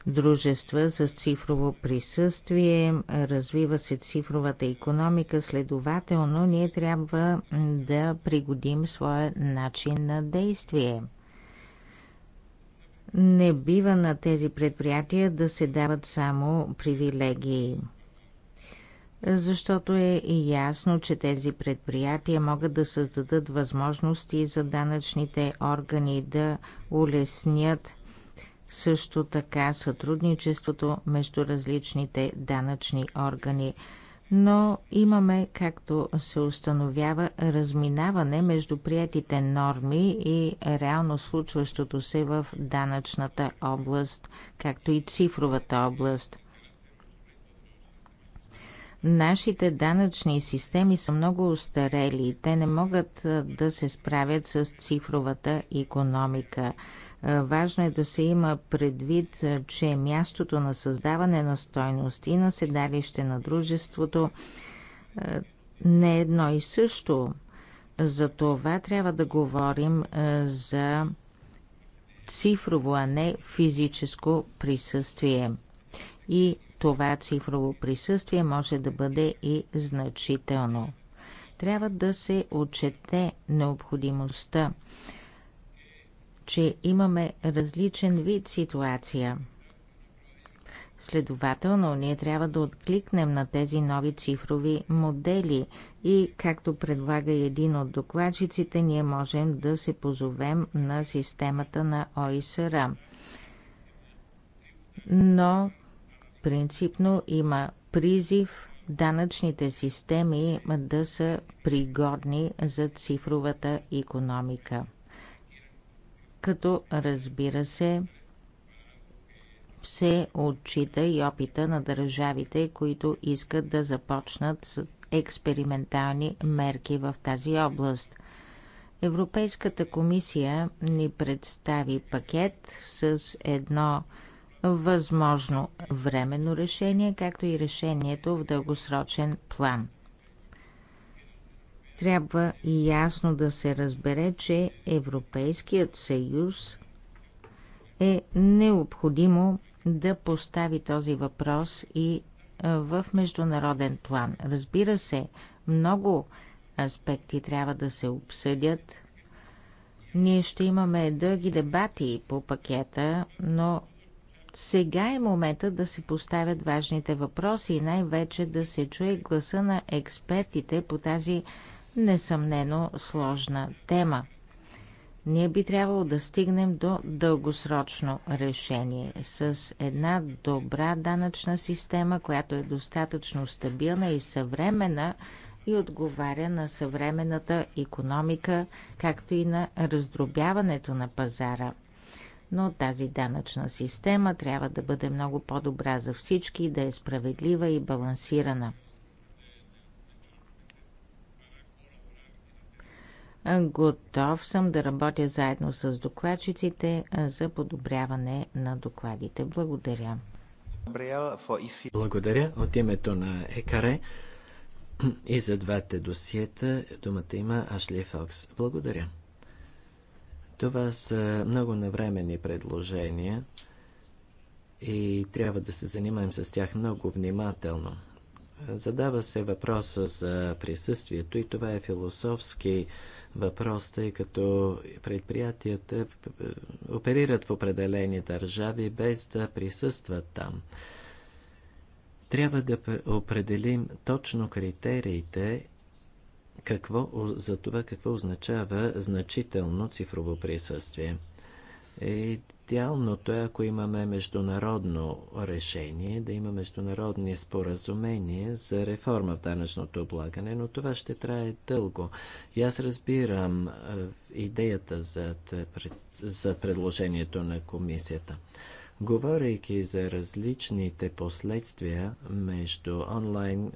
дружества с цифрово присъствие, развива се цифровата економика, следователно ние трябва да пригодим своя начин на действие – не бива на тези предприятия да се дават само привилегии защото е ясно, че тези предприятия могат да създадат възможности за данъчните органи да улеснят също така сътрудничеството между различните данъчни органи но имаме, както се установява, разминаване между приятите норми и реално случващото се в данъчната област, както и цифровата област. Нашите данъчни системи са много устарели. Те не могат да се справят с цифровата економика. Важно е да се има предвид, че мястото на създаване на стойност и на седалище на дружеството не е едно и също. За това трябва да говорим за цифрово, а не физическо присъствие. И това цифрово присъствие може да бъде и значително. Трябва да се отчете необходимостта че имаме различен вид ситуация. Следователно, ние трябва да откликнем на тези нови цифрови модели и, както предлага един от докладчиците, ние можем да се позовем на системата на ОИСР. Но, принципно, има призив данъчните системи да са пригодни за цифровата економика като разбира се се отчита и опита на държавите, които искат да започнат с експериментални мерки в тази област. Европейската комисия ни представи пакет с едно възможно временно решение, както и решението в дългосрочен план – трябва ясно да се разбере, че Европейският съюз е необходимо да постави този въпрос и е, в международен план. Разбира се, много аспекти трябва да се обсъдят. Ние ще имаме дълги дебати по пакета, но сега е момента да се поставят важните въпроси и най-вече да се чуе гласа на експертите по тази несъмнено сложна тема. Ние би трябвало да стигнем до дългосрочно решение с една добра данъчна система, която е достатъчно стабилна и съвременна и отговаря на съвременната економика, както и на раздробяването на пазара. Но тази данъчна система трябва да бъде много по-добра за всички, да е справедлива и балансирана – Готов съм да работя заедно с докладчиците за подобряване на докладите. Благодаря. Благодаря от името на ЕКАРЕ и за двете досиета. Думата има Ашли Фокс. Благодаря. Това са много навремени предложения и трябва да се занимаем с тях много внимателно. Задава се въпроса за присъствието и това е философски въпрос, тъй като предприятията е, оперират в определени държави без да присъстват там. Трябва да определим точно критериите какво, за това какво означава значително цифрово присъствие. И е, Идеалното е, ако имаме международно решение, да има международни споразумения за реформа в данъчното облагане, но това ще трае дълго. И аз разбирам идеята за, за предложението на комисията. Говорейки за различните последствия между онлайн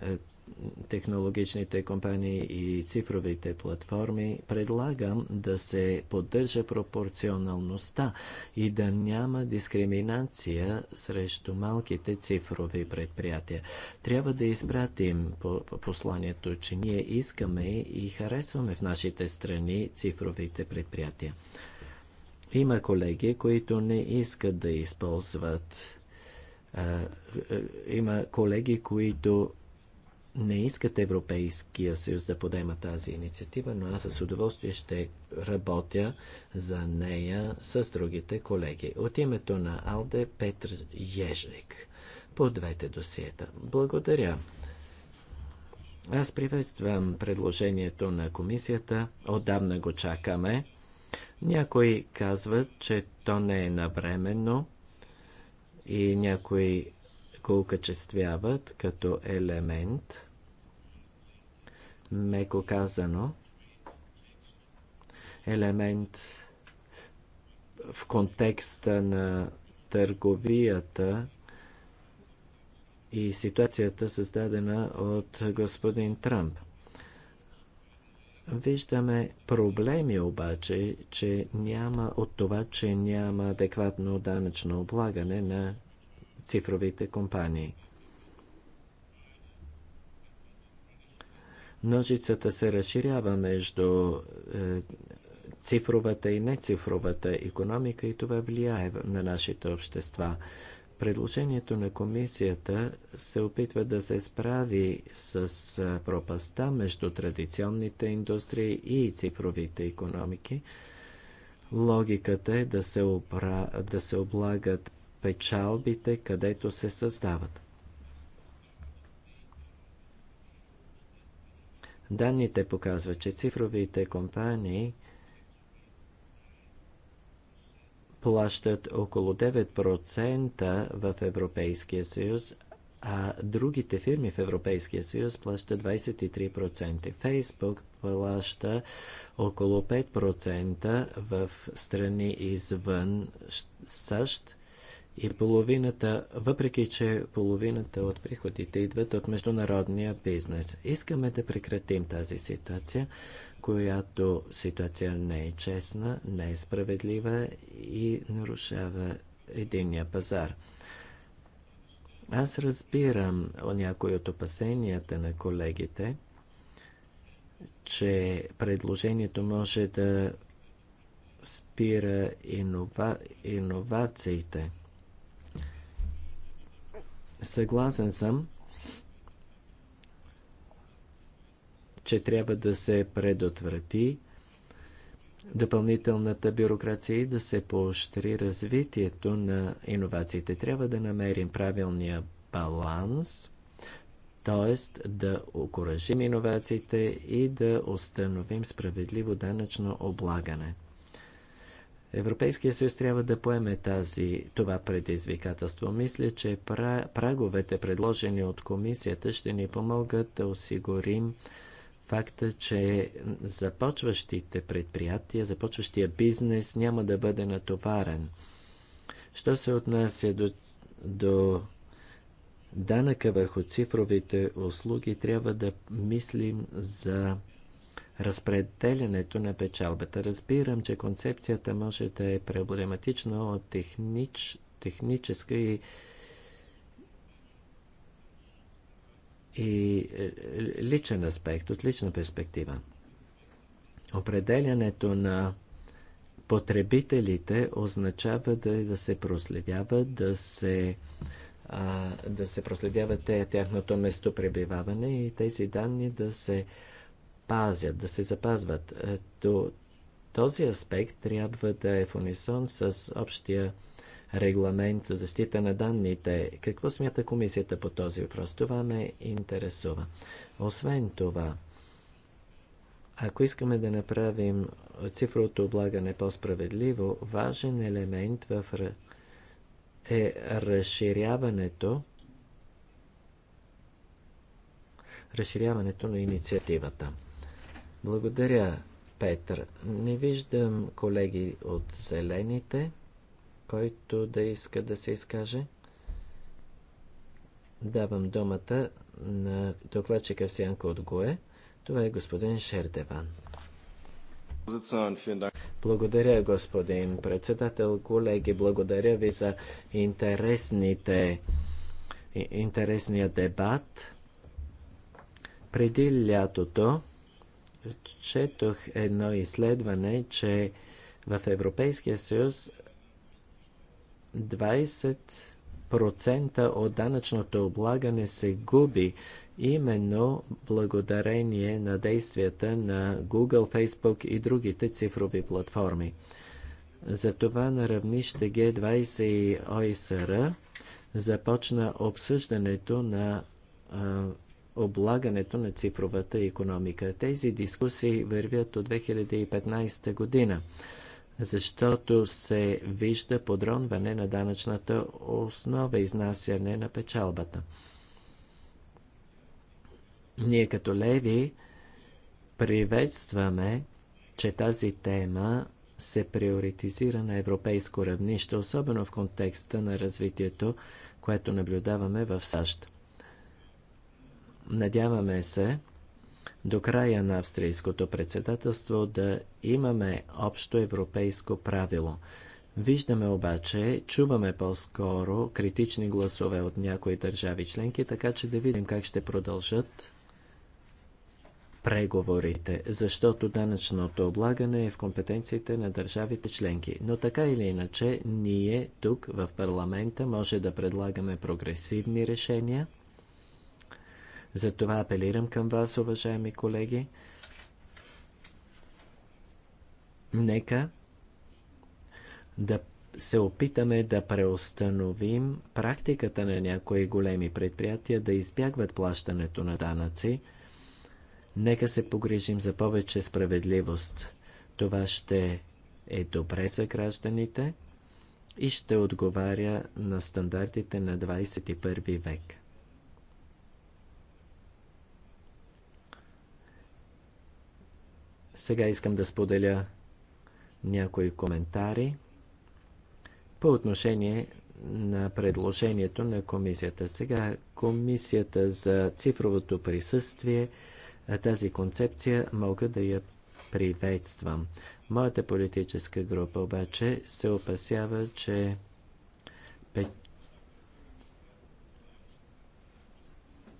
технологичните компании и цифровите платформи, предлагам да се поддържа пропорционалността и да няма дискриминация срещу малките цифрови предприятия. Трябва да изпратим по посланието, че ние искаме и харесваме в нашите страни цифровите предприятия. Има колеги, които не искат да използват. има колеги, които не искат Европейския съюз да подема тази инициатива, но аз с удоволствие ще работя за нея с другите колеги. От името на Алде Петър Ежик по двете досиета. Благодаря. Аз приветствам предложението на комисията. Отдавна го чакаме. Някои казват, че то не е навременно и някои го окачествяват като елемент – меко казано, елемент в контекста на търговията и ситуацията създадена от господин Трамп. Виждаме проблеми обаче, че няма от това, че няма адекватно данъчно облагане на цифровите компании. Ножицата се разширява между е, цифровата и нецифровата економика и това влияе на нашите общества. Предложението на комисията се опитва да се справи с е, пропаста между традиционните индустрии и цифровите економики. Логиката е да се, обра... да се облагат печалбите, където се създават. Данните показват, че цифровите компании плащат около 9% в Европейския съюз, а другите фирми в Европейския съюз плащат 23%. Фейсбук плаща около 5% в страни извън САЩ и половината, въпреки че половината от приходите идват от международния бизнес. Искаме да прекратим тази ситуация, която ситуация не е честна, не е справедлива и нарушава единния пазар. Аз разбирам някои от опасенията на колегите, че предложението може да спира инова... иновациите. Съгласен съм, че трябва да се предотврати допълнителната бюрокрация и да се поощри развитието на иновациите. Трябва да намерим правилния баланс, т.е. да окоръжим иновациите и да установим справедливо данъчно облагане. Европейския съюз трябва да поеме тази, това предизвикателство. Мисля, че праговете, предложени от комисията, ще ни помогат да осигурим факта, че започващите предприятия, започващия бизнес няма да бъде натоварен. Що се отнася до, до данъка върху цифровите услуги, трябва да мислим за разпределянето на печалбата. Разбирам, че концепцията може да е проблематична от технич, техническа и, и е, личен аспект, от лична перспектива. Определянето на потребителите означава да, да се проследява, да се, да се проследяват тяхното местопребиваване и тези данни да се пазят, да се запазват. Е, то този аспект трябва да е в унисон с общия регламент за защита на данните. Какво смята комисията по този въпрос? Това ме интересува. Освен това, ако искаме да направим цифровото облагане по-справедливо, важен елемент в е разширяването разширяването на инициативата. Благодаря, Петър. Не виждам колеги от зелените, който да иска да се изкаже. Давам думата на докладчика в сянка от ГОЕ. Това е господин Шердеван. Благодаря, господин председател. Колеги, благодаря ви за интересните, интересния дебат. Преди лятото четох едно изследване, че в Европейския съюз 20% от данъчното облагане се губи именно благодарение на действията на Google, Facebook и другите цифрови платформи. Затова на равнище G20 и ОИСР започна обсъждането на облагането на цифровата економика. Тези дискусии вървят от 2015 година, защото се вижда подронване на данъчната основа, изнасяне на печалбата. Ние като леви приветстваме, че тази тема се приоритизира на европейско равнище, особено в контекста на развитието, което наблюдаваме в САЩ. Надяваме се до края на австрийското председателство да имаме общо европейско правило. Виждаме обаче, чуваме по-скоро критични гласове от някои държави членки, така че да видим как ще продължат преговорите, защото данъчното облагане е в компетенциите на държавите членки. Но така или иначе, ние тук в парламента може да предлагаме прогресивни решения затова апелирам към вас, уважаеми колеги. Нека да се опитаме да преустановим практиката на някои големи предприятия да избягват плащането на данъци. Нека се погрижим за повече справедливост. Това ще е добре за гражданите и ще отговаря на стандартите на 21 век. Сега искам да споделя някои коментари по отношение на предложението на комисията. Сега комисията за цифровото присъствие, тази концепция мога да я приветствам. Моята политическа група обаче се опасява, че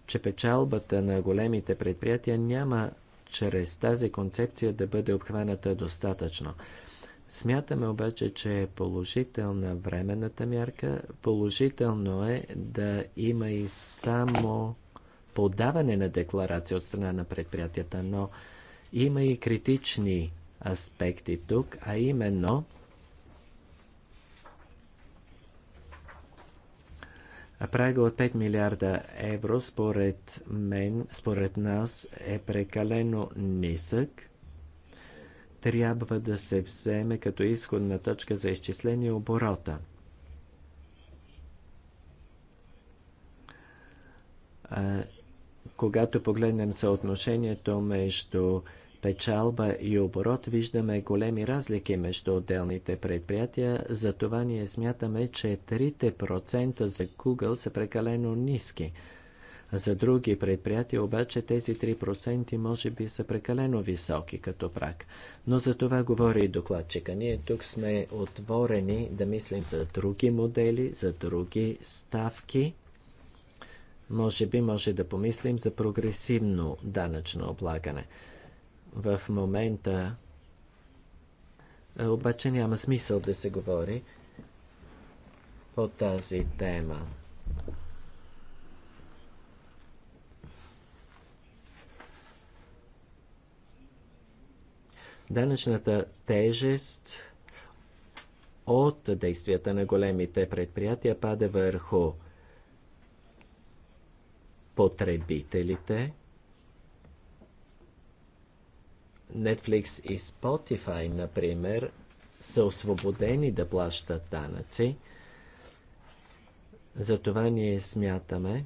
че печалбата на големите предприятия няма чрез тази концепция да бъде обхваната достатъчно. Смятаме обаче, че е положителна временната мярка. Положително е да има и само подаване на декларация от страна на предприятията, но има и критични аспекти тук, а именно Прага от 5 милиарда евро според мен, според нас е прекалено нисък. Трябва да се вземе като изходна точка за изчисление оборота. когато погледнем съотношението между печалба и оборот виждаме големи разлики между отделните предприятия, затова ние смятаме, че 3% за Google са прекалено ниски. За други предприятия обаче тези 3% може би са прекалено високи като прак. Но за това говори и докладчика. Ние тук сме отворени да мислим за други модели, за други ставки. Може би може да помислим за прогресивно данъчно облагане. В момента е, обаче няма смисъл да се говори по тази тема. Данъчната тежест от действията на големите предприятия пада върху потребителите – Netflix и Spotify, например, са освободени да плащат данъци. Затова ние смятаме,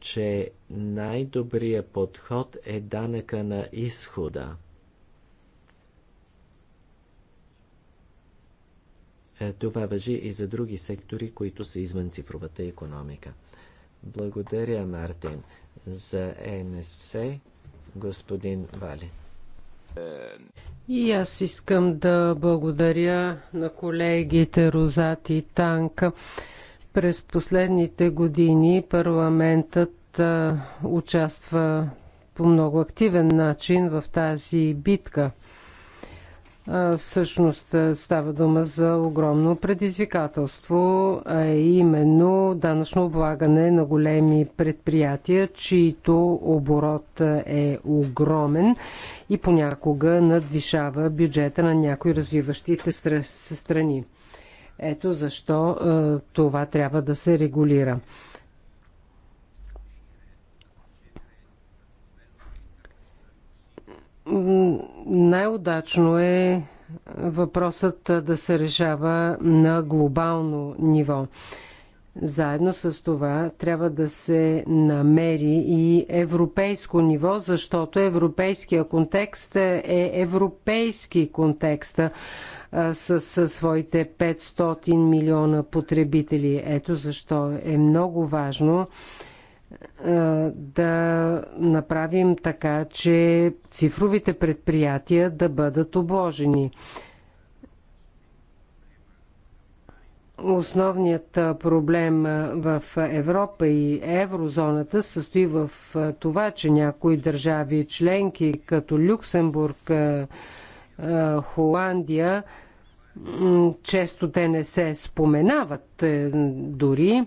че най-добрият подход е данъка на изхода. Е, това въжи и за други сектори, които са извън цифровата економика. Благодаря, Мартин, за НСС господин Валин. И аз искам да благодаря на колегите Розати и Танка. През последните години парламентът участва по много активен начин в тази битка – всъщност е, става дума за огромно предизвикателство, а именно данъчно облагане на големи предприятия, чието оборот е, е огромен и понякога надвишава бюджета на някои развиващите страни. Ето защо е, това трябва да се регулира. най-удачно е въпросът да се решава на глобално ниво. Заедно с това трябва да се намери и европейско ниво, защото европейския контекст е европейски контекст с своите 500 милиона потребители. Ето защо е много важно да направим така, че цифровите предприятия да бъдат обложени. Основният проблем в Европа и еврозоната състои в това, че някои държави членки, като Люксембург, Холандия, често те не се споменават е, дори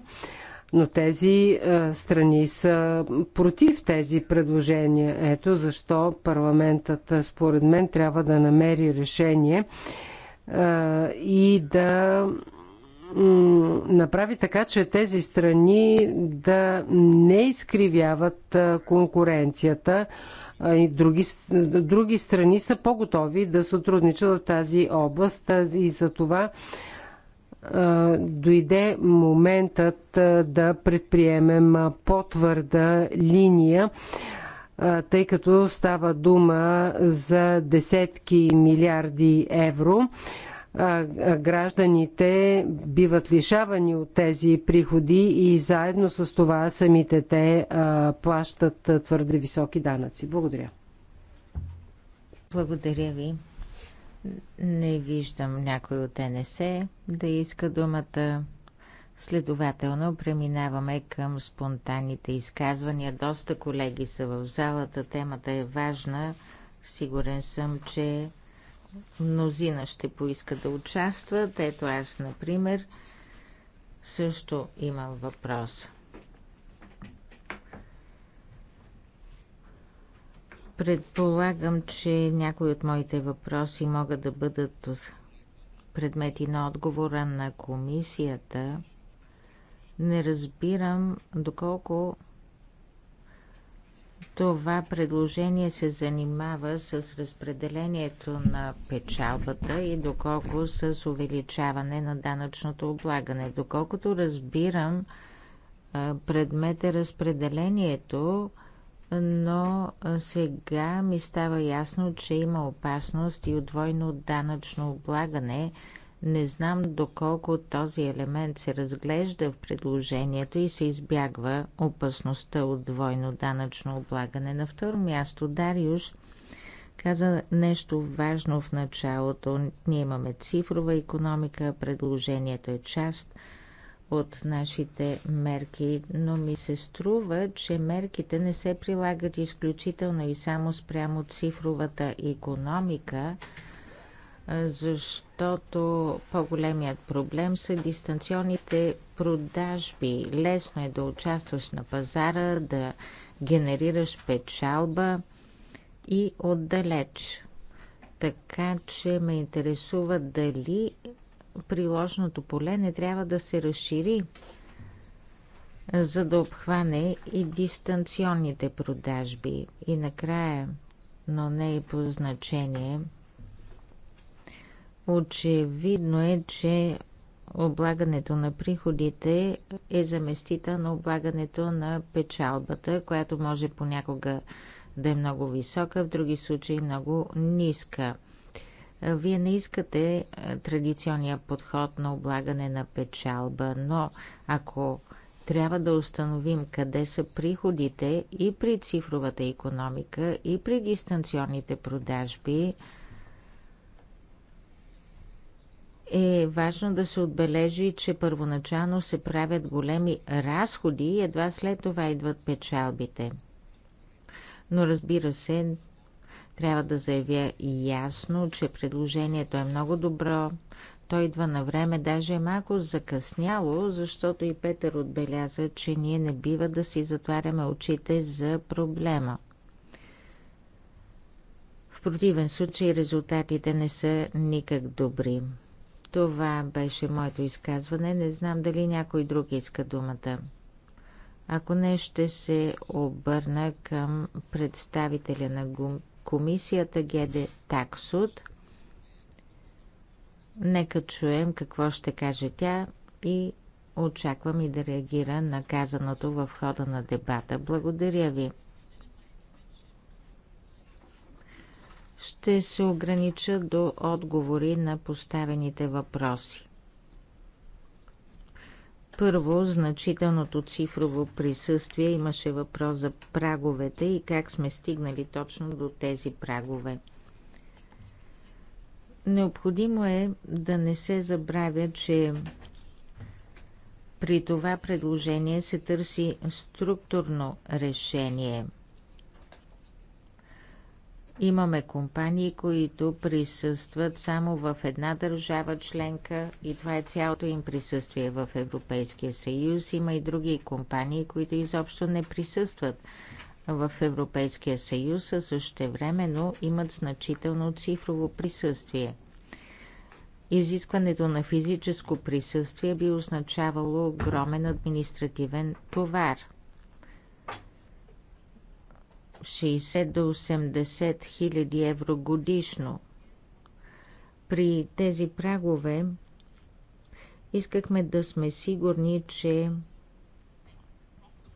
но тези е, страни са против тези предложения. Ето защо парламентът, е, според мен, трябва да намери решение е, и да направи така, че тези страни да не изкривяват конкуренцията. Други, други страни са по-готови да сътрудничат в тази област и за това дойде моментът да предприемем по-твърда линия, тъй като става дума за десетки милиарди евро. Гражданите биват лишавани от тези приходи и заедно с това самите те плащат твърде високи данъци. Благодаря. Благодаря ви. Не виждам някой от НСЕ да иска думата. Следователно преминаваме към спонтанните изказвания. Доста колеги са в залата, темата е важна. Сигурен съм, че мнозина ще поиска да участват. Ето аз, например, също имам въпроса. Предполагам, че някои от моите въпроси могат да бъдат предмети на отговора на комисията. Не разбирам доколко това предложение се занимава с разпределението на печалбата и доколко с увеличаване на данъчното облагане. Доколкото разбирам, предмет е разпределението но сега ми става ясно, че има опасност и от двойно данъчно облагане. Не знам доколко този елемент се разглежда в предложението и се избягва опасността от двойно данъчно облагане. На второ място Дариуш каза нещо важно в началото. Ние имаме цифрова економика, предложението е част – от нашите мерки, но ми се струва, че мерките не се прилагат изключително и само спрямо цифровата економика, защото по-големият проблем са дистанционните продажби. Лесно е да участваш на пазара, да генерираш печалба и отдалеч. Така че ме интересува дали приложното поле не трябва да се разшири, за да обхване и дистанционните продажби. И накрая, но не и по значение, очевидно е, че облагането на приходите е заместита на облагането на печалбата, която може понякога да е много висока, в други случаи много ниска. Вие не искате е, традиционния подход на облагане на печалба, но ако трябва да установим къде са приходите и при цифровата економика, и при дистанционните продажби, е важно да се отбележи, че първоначално се правят големи разходи и едва след това идват печалбите. Но разбира се, трябва да заявя ясно, че предложението е много добро. Той идва на време, даже е малко закъсняло, защото и Петър отбеляза, че ние не бива да си затваряме очите за проблема. В противен случай резултатите не са никак добри. Това беше моето изказване. Не знам дали някой друг иска думата. Ако не, ще се обърна към представителя на комисията Геде Таксуд. Нека чуем какво ще каже тя и очаквам и да реагира на казаното в хода на дебата. Благодаря ви. Ще се огранича до отговори на поставените въпроси. Първо, значителното цифрово присъствие. Имаше въпрос за праговете и как сме стигнали точно до тези прагове. Необходимо е да не се забравя, че при това предложение се търси структурно решение – Имаме компании, които присъстват само в една държава членка и това е цялото им присъствие в Европейския съюз. Има и други компании, които изобщо не присъстват в Европейския съюз, а същевременно имат значително цифрово присъствие. Изискването на физическо присъствие би означавало огромен административен товар – 60 до 80 хиляди евро годишно. При тези прагове искахме да сме сигурни, че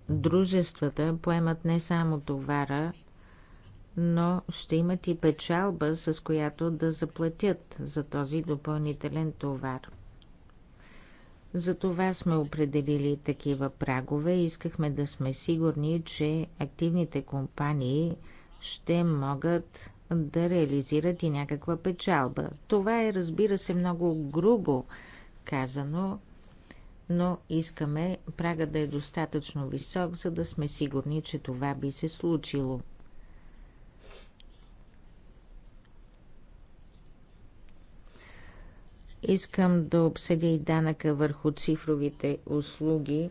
дружествата поемат не само товара, но ще имат и печалба, с която да заплатят за този допълнителен товар. Затова сме определили такива прагове и искахме да сме сигурни, че активните компании ще могат да реализират и някаква печалба. Това е, разбира се, много грубо казано, но искаме прага да е достатъчно висок, за да сме сигурни, че това би се случило. Искам да обсъдя и данъка върху цифровите услуги.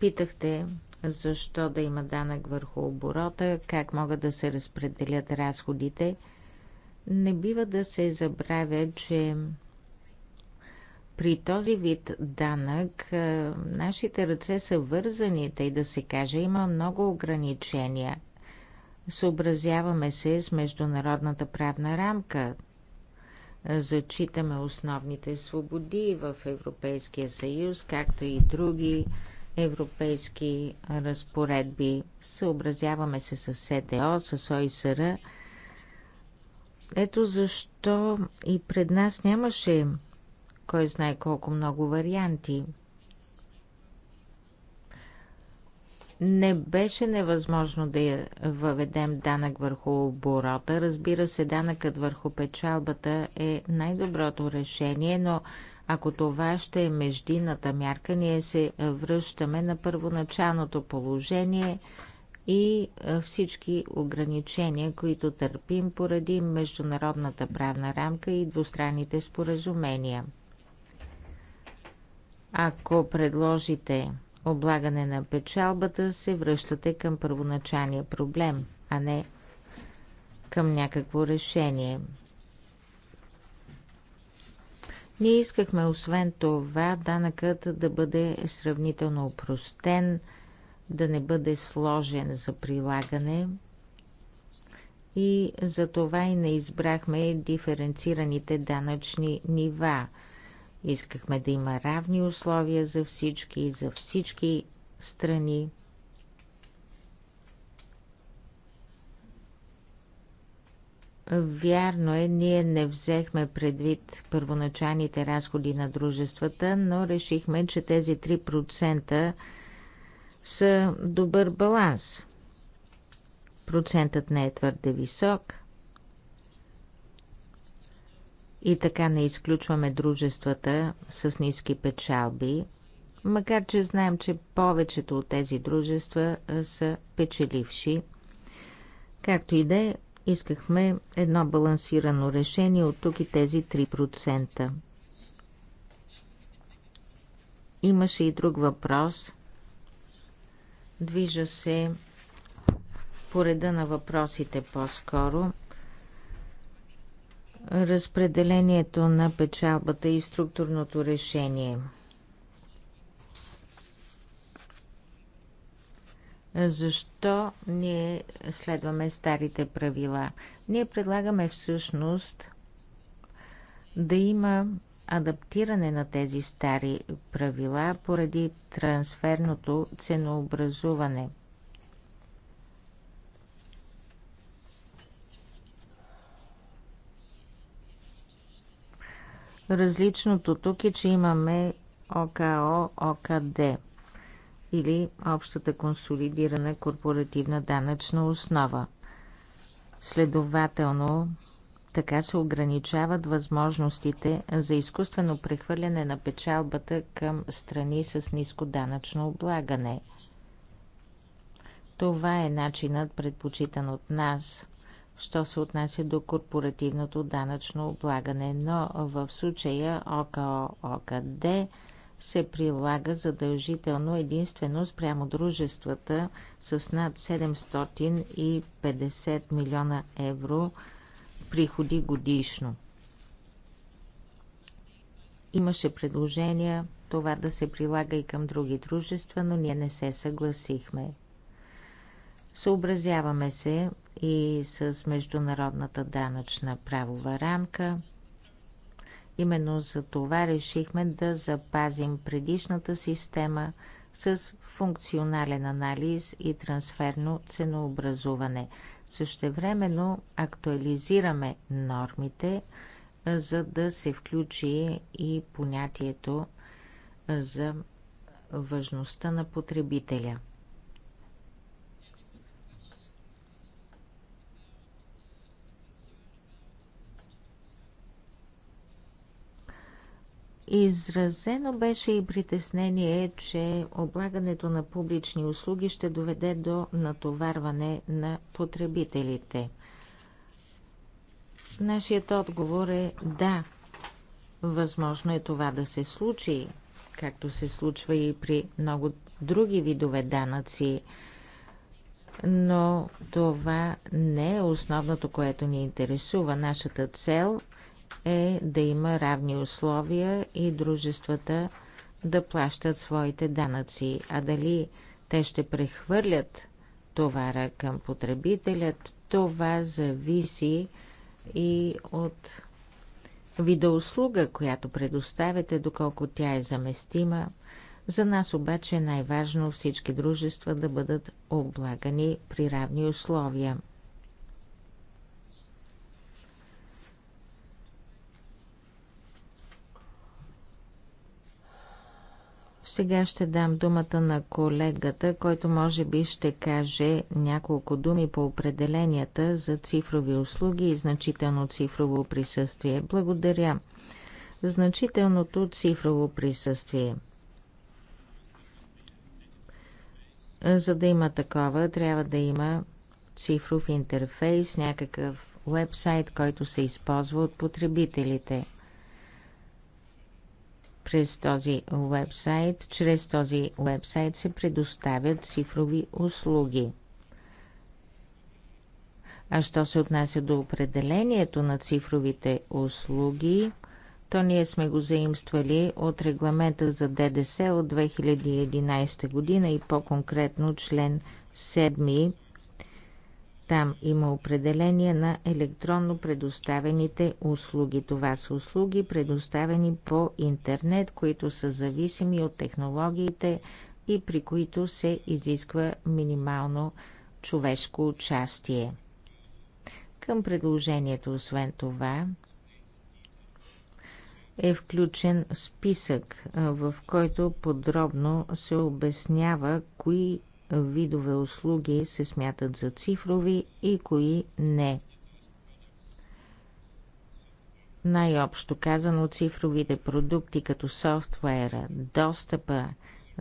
Питахте защо да има данък върху оборота, как могат да се разпределят разходите. Не бива да се забравя, че при този вид данък нашите ръце са вързани, тъй да се каже, има много ограничения – Съобразяваме се с международната правна рамка. Зачитаме основните свободи в Европейския съюз, както и други европейски разпоредби. Съобразяваме се с СДО, с ОИСР. Ето защо и пред нас нямаше кой знае колко много варианти – не беше невъзможно да я въведем данък върху оборота. Разбира се, данъкът върху печалбата е най-доброто решение, но ако това ще е междинната мярка, ние се връщаме на първоначалното положение и всички ограничения, които търпим поради международната правна рамка и двустранните споразумения. Ако предложите облагане на печалбата се връщате към първоначалния проблем, а не към някакво решение. Ние искахме освен това данъкът да бъде сравнително упростен, да не бъде сложен за прилагане и за това и не избрахме диференцираните данъчни нива – Искахме да има равни условия за всички, и за всички страни. Вярно е, ние не взехме предвид първоначалните разходи на дружествата, но решихме, че тези 3% са добър баланс. Процентът не е твърде висок – и така не изключваме дружествата с ниски печалби, макар че знаем, че повечето от тези дружества са печеливши. Както и да е, искахме едно балансирано решение от тук и тези 3%. Имаше и друг въпрос. Движа се по реда на въпросите по-скоро – разпределението на печалбата и структурното решение. Защо ние следваме старите правила? Ние предлагаме всъщност да има адаптиране на тези стари правила поради трансферното ценообразуване – Различното тук е, че имаме ОКО, ОКД или общата консолидирана корпоративна данъчна основа. Следователно, така се ограничават възможностите за изкуствено прехвърляне на печалбата към страни с ниско данъчно облагане. Това е начинът предпочитан от нас що се отнася до корпоративното данъчно облагане, но в случая ОКО-ОКД се прилага задължително единствено спрямо дружествата с над 750 милиона евро приходи годишно. Имаше предложения това да се прилага и към други дружества, но ние не се съгласихме. Съобразяваме се и с международната данъчна правова рамка. Именно за това решихме да запазим предишната система с функционален анализ и трансферно ценообразуване. Същевременно актуализираме нормите, за да се включи и понятието за важността на потребителя. Изразено беше и притеснение, че облагането на публични услуги ще доведе до натоварване на потребителите. Нашият отговор е да. Възможно е това да се случи, както се случва и при много други видове данъци, но това не е основното, което ни интересува. Нашата цел е да има равни условия и дружествата да плащат своите данъци. А дали те ще прехвърлят товара към потребителят, това зависи и от вида услуга, която предоставяте, доколко тя е заместима. За нас обаче е най-важно всички дружества да бъдат облагани при равни условия. Сега ще дам думата на колегата, който може би ще каже няколко думи по определенията за цифрови услуги и значително цифрово присъствие. Благодаря. Значителното цифрово присъствие. За да има такова, трябва да има цифров интерфейс, някакъв вебсайт, който се използва от потребителите – през този вебсайт. Чрез този вебсайт се предоставят цифрови услуги. А що се отнася до определението на цифровите услуги, то ние сме го заимствали от регламента за ДДС от 2011 година и по-конкретно член 7 там има определение на електронно предоставените услуги. Това са услуги, предоставени по интернет, които са зависими от технологиите и при които се изисква минимално човешко участие. Към предложението, освен това, е включен списък, в който подробно се обяснява кои видове услуги се смятат за цифрови и кои не. Най-общо казано, цифровите продукти като софтуера, достъпа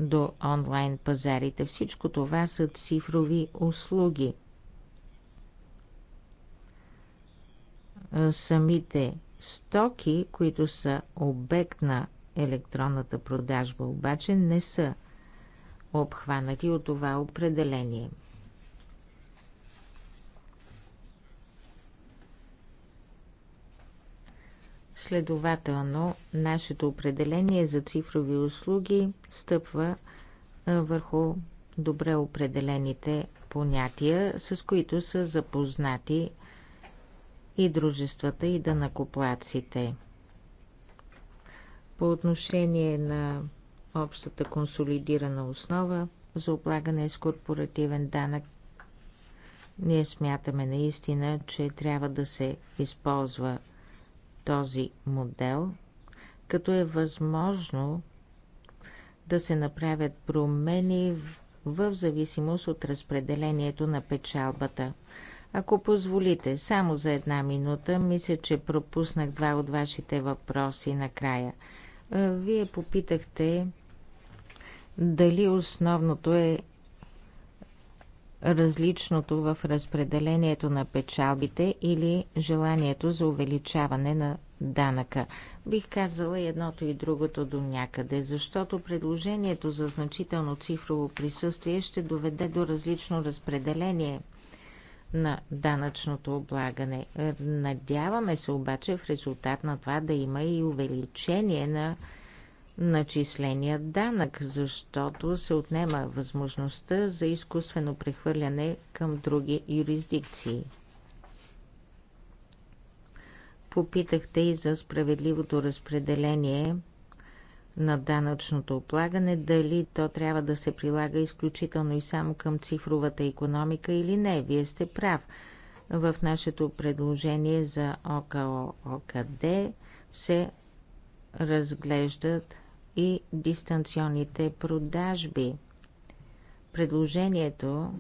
до онлайн пазарите, всичко това са цифрови услуги. Самите стоки, които са обект на електронната продажба, обаче не са обхванати от това определение. Следователно, нашето определение за цифрови услуги стъпва върху добре определените понятия, с които са запознати и дружествата, и данакоплаците. По отношение на общата консолидирана основа за облагане с корпоративен данък. Ние смятаме наистина, че трябва да се използва този модел, като е възможно да се направят промени в зависимост от разпределението на печалбата. Ако позволите, само за една минута, мисля, че пропуснах два от вашите въпроси накрая. Вие попитахте дали основното е различното в разпределението на печалбите или желанието за увеличаване на данъка. Бих казала едното и другото до някъде, защото предложението за значително цифрово присъствие ще доведе до различно разпределение на данъчното облагане. Надяваме се обаче в резултат на това да има и увеличение на начисления данък, защото се отнема възможността за изкуствено прехвърляне към други юрисдикции. Попитахте и за справедливото разпределение на данъчното облагане, дали то трябва да се прилага изключително и само към цифровата економика или не. Вие сте прав. В нашето предложение за ОКО ОКД се разглеждат и дистанционните продажби. Предложението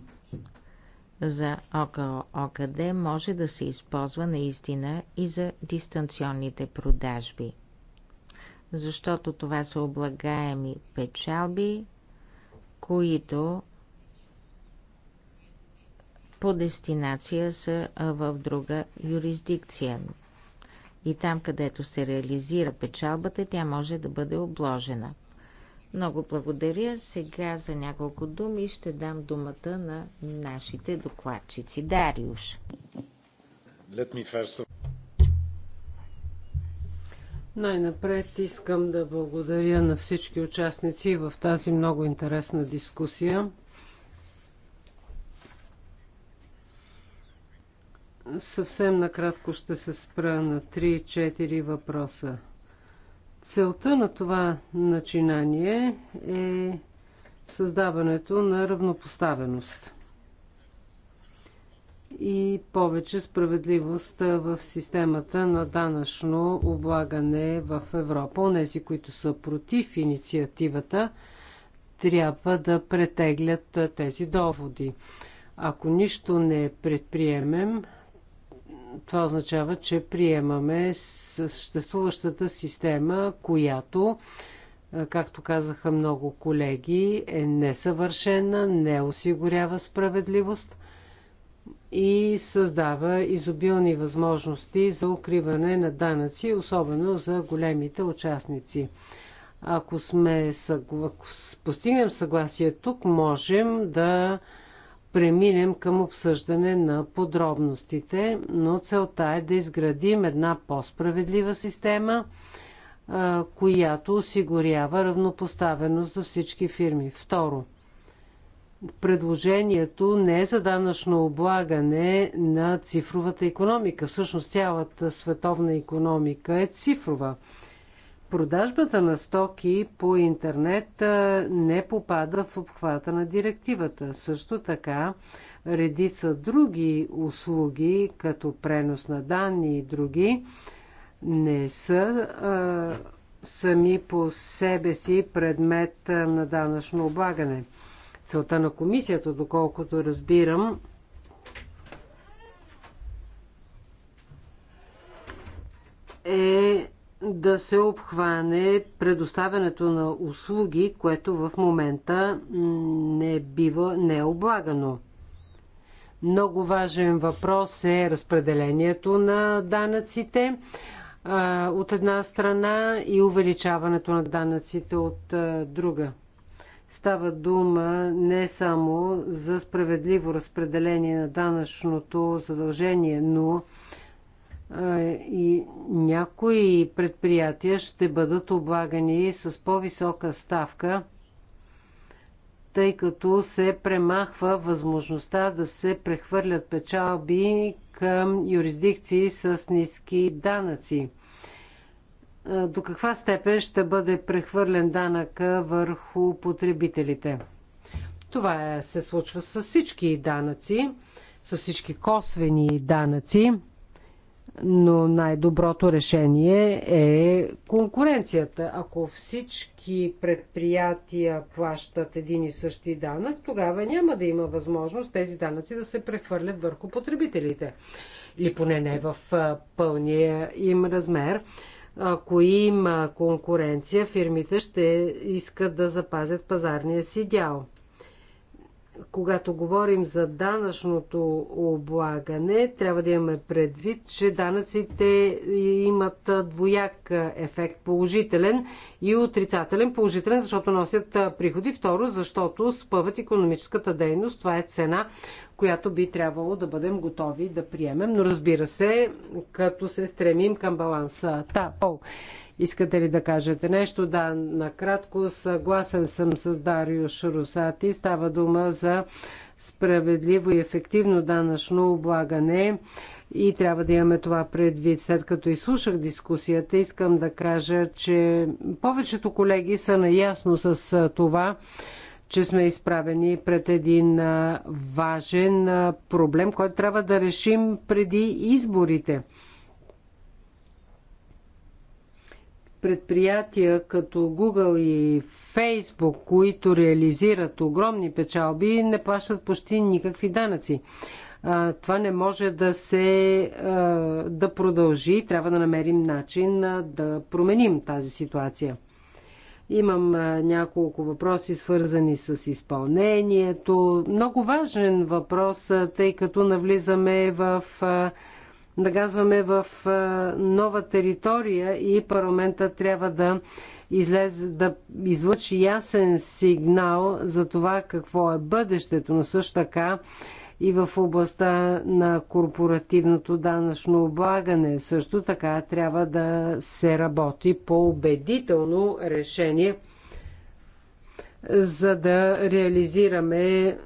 за ОКО ОКД може да се използва наистина и за дистанционните продажби, защото това са облагаеми печалби, които по дестинация са в друга юрисдикция и там, където се реализира печалбата, тя може да бъде обложена. Много благодаря. Сега за няколко думи ще дам думата на нашите докладчици. Дариуш. First... Най-напред искам да благодаря на всички участници в тази много интересна дискусия. Съвсем накратко ще се спра на 3-4 въпроса. Целта на това начинание е създаването на равнопоставеност и повече справедливост в системата на данъчно облагане в Европа. Онези, които са против инициативата, трябва да претеглят тези доводи. Ако нищо не предприемем, това означава, че приемаме съществуващата система, която, е, както казаха много колеги, е несъвършена, не осигурява справедливост и създава изобилни възможности за укриване на данъци, особено за големите участници. Ако, сме, ако постигнем съгласие тук, можем да преминем към обсъждане на подробностите, но целта е да изградим една по-справедлива система, която осигурява равнопоставеност за всички фирми. Второ, предложението не е за данъчно облагане на цифровата економика. Всъщност цялата световна економика е цифрова. Продажбата на стоки по интернет не попада в обхвата на директивата. Също така, редица други услуги, като пренос на данни и други, не са а, сами по себе си предмет на данъчно облагане. Целта на комисията, доколкото разбирам, е да се обхване предоставянето на услуги, което в момента не, бива, не е облагано. Много важен въпрос е разпределението на данъците от една страна и увеличаването на данъците от друга. Става дума не само за справедливо разпределение на данъчното задължение, но и някои предприятия ще бъдат облагани с по-висока ставка, тъй като се премахва възможността да се прехвърлят печалби към юрисдикции с ниски данъци. До каква степен ще бъде прехвърлен данъка върху потребителите? Това е, се случва с всички данъци, с всички косвени данъци но най-доброто решение е конкуренцията. Ако всички предприятия плащат един и същи данък, тогава няма да има възможност тези данъци да се прехвърлят върху потребителите. Или поне не в пълния им размер. Ако има конкуренция, фирмите ще искат да запазят пазарния си дял когато говорим за данъчното облагане, трябва да имаме предвид, че данъците имат двояк ефект положителен и отрицателен. Положителен, защото носят приходи. Второ, защото спъват економическата дейност. Това е цена, която би трябвало да бъдем готови да приемем. Но разбира се, като се стремим към баланса. Та, Пол. Искате ли да кажете нещо? Да, накратко съгласен съм с Дарио Русати. Става дума за справедливо и ефективно данъчно облагане и трябва да имаме това предвид. След като изслушах дискусията, искам да кажа, че повечето колеги са наясно с това, че сме изправени пред един важен проблем, който трябва да решим преди изборите. предприятия като Google и Facebook, които реализират огромни печалби, не плащат почти никакви данъци. Това не може да се да продължи. Трябва да намерим начин да променим тази ситуация. Имам няколко въпроси, свързани с изпълнението. Много важен въпрос, тъй като навлизаме в нагазваме в нова територия и парламента трябва да излез, да излъчи ясен сигнал за това какво е бъдещето, но също така и в областта на корпоративното данъчно облагане. Също така трябва да се работи по убедително решение, за да реализираме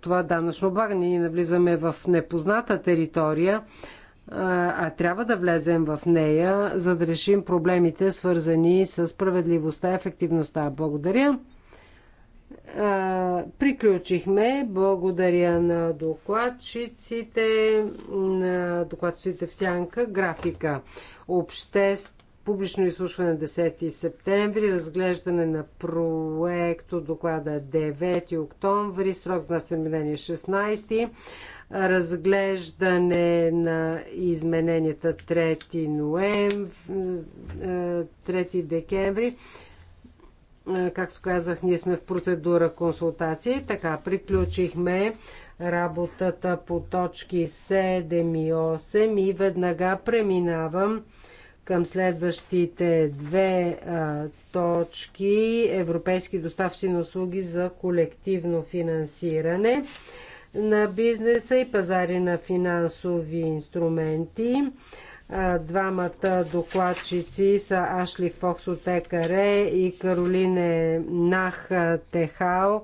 това данъчно облагане. Ние навлизаме в непозната територия, а трябва да влезем в нея, за да решим проблемите, свързани с справедливостта и ефективността. Благодаря. Приключихме. Благодаря на докладчиците, на докладчиците в Сянка. Графика. Общество публично изслушване 10 септември, разглеждане на проекто доклада 9 октомври, срок на изменение 16 разглеждане на измененията 3 ноември, е, 3 декември. Е, както казах, ние сме в процедура консултации. Така, приключихме работата по точки 7 и 8 и веднага преминавам към следващите две а, е, точки Европейски доставчици на услуги за колективно финансиране на бизнеса и пазари на финансови инструменти. Двамата докладчици са Ашли Фокс от ЕКАРЕ и Каролине Нах Техао.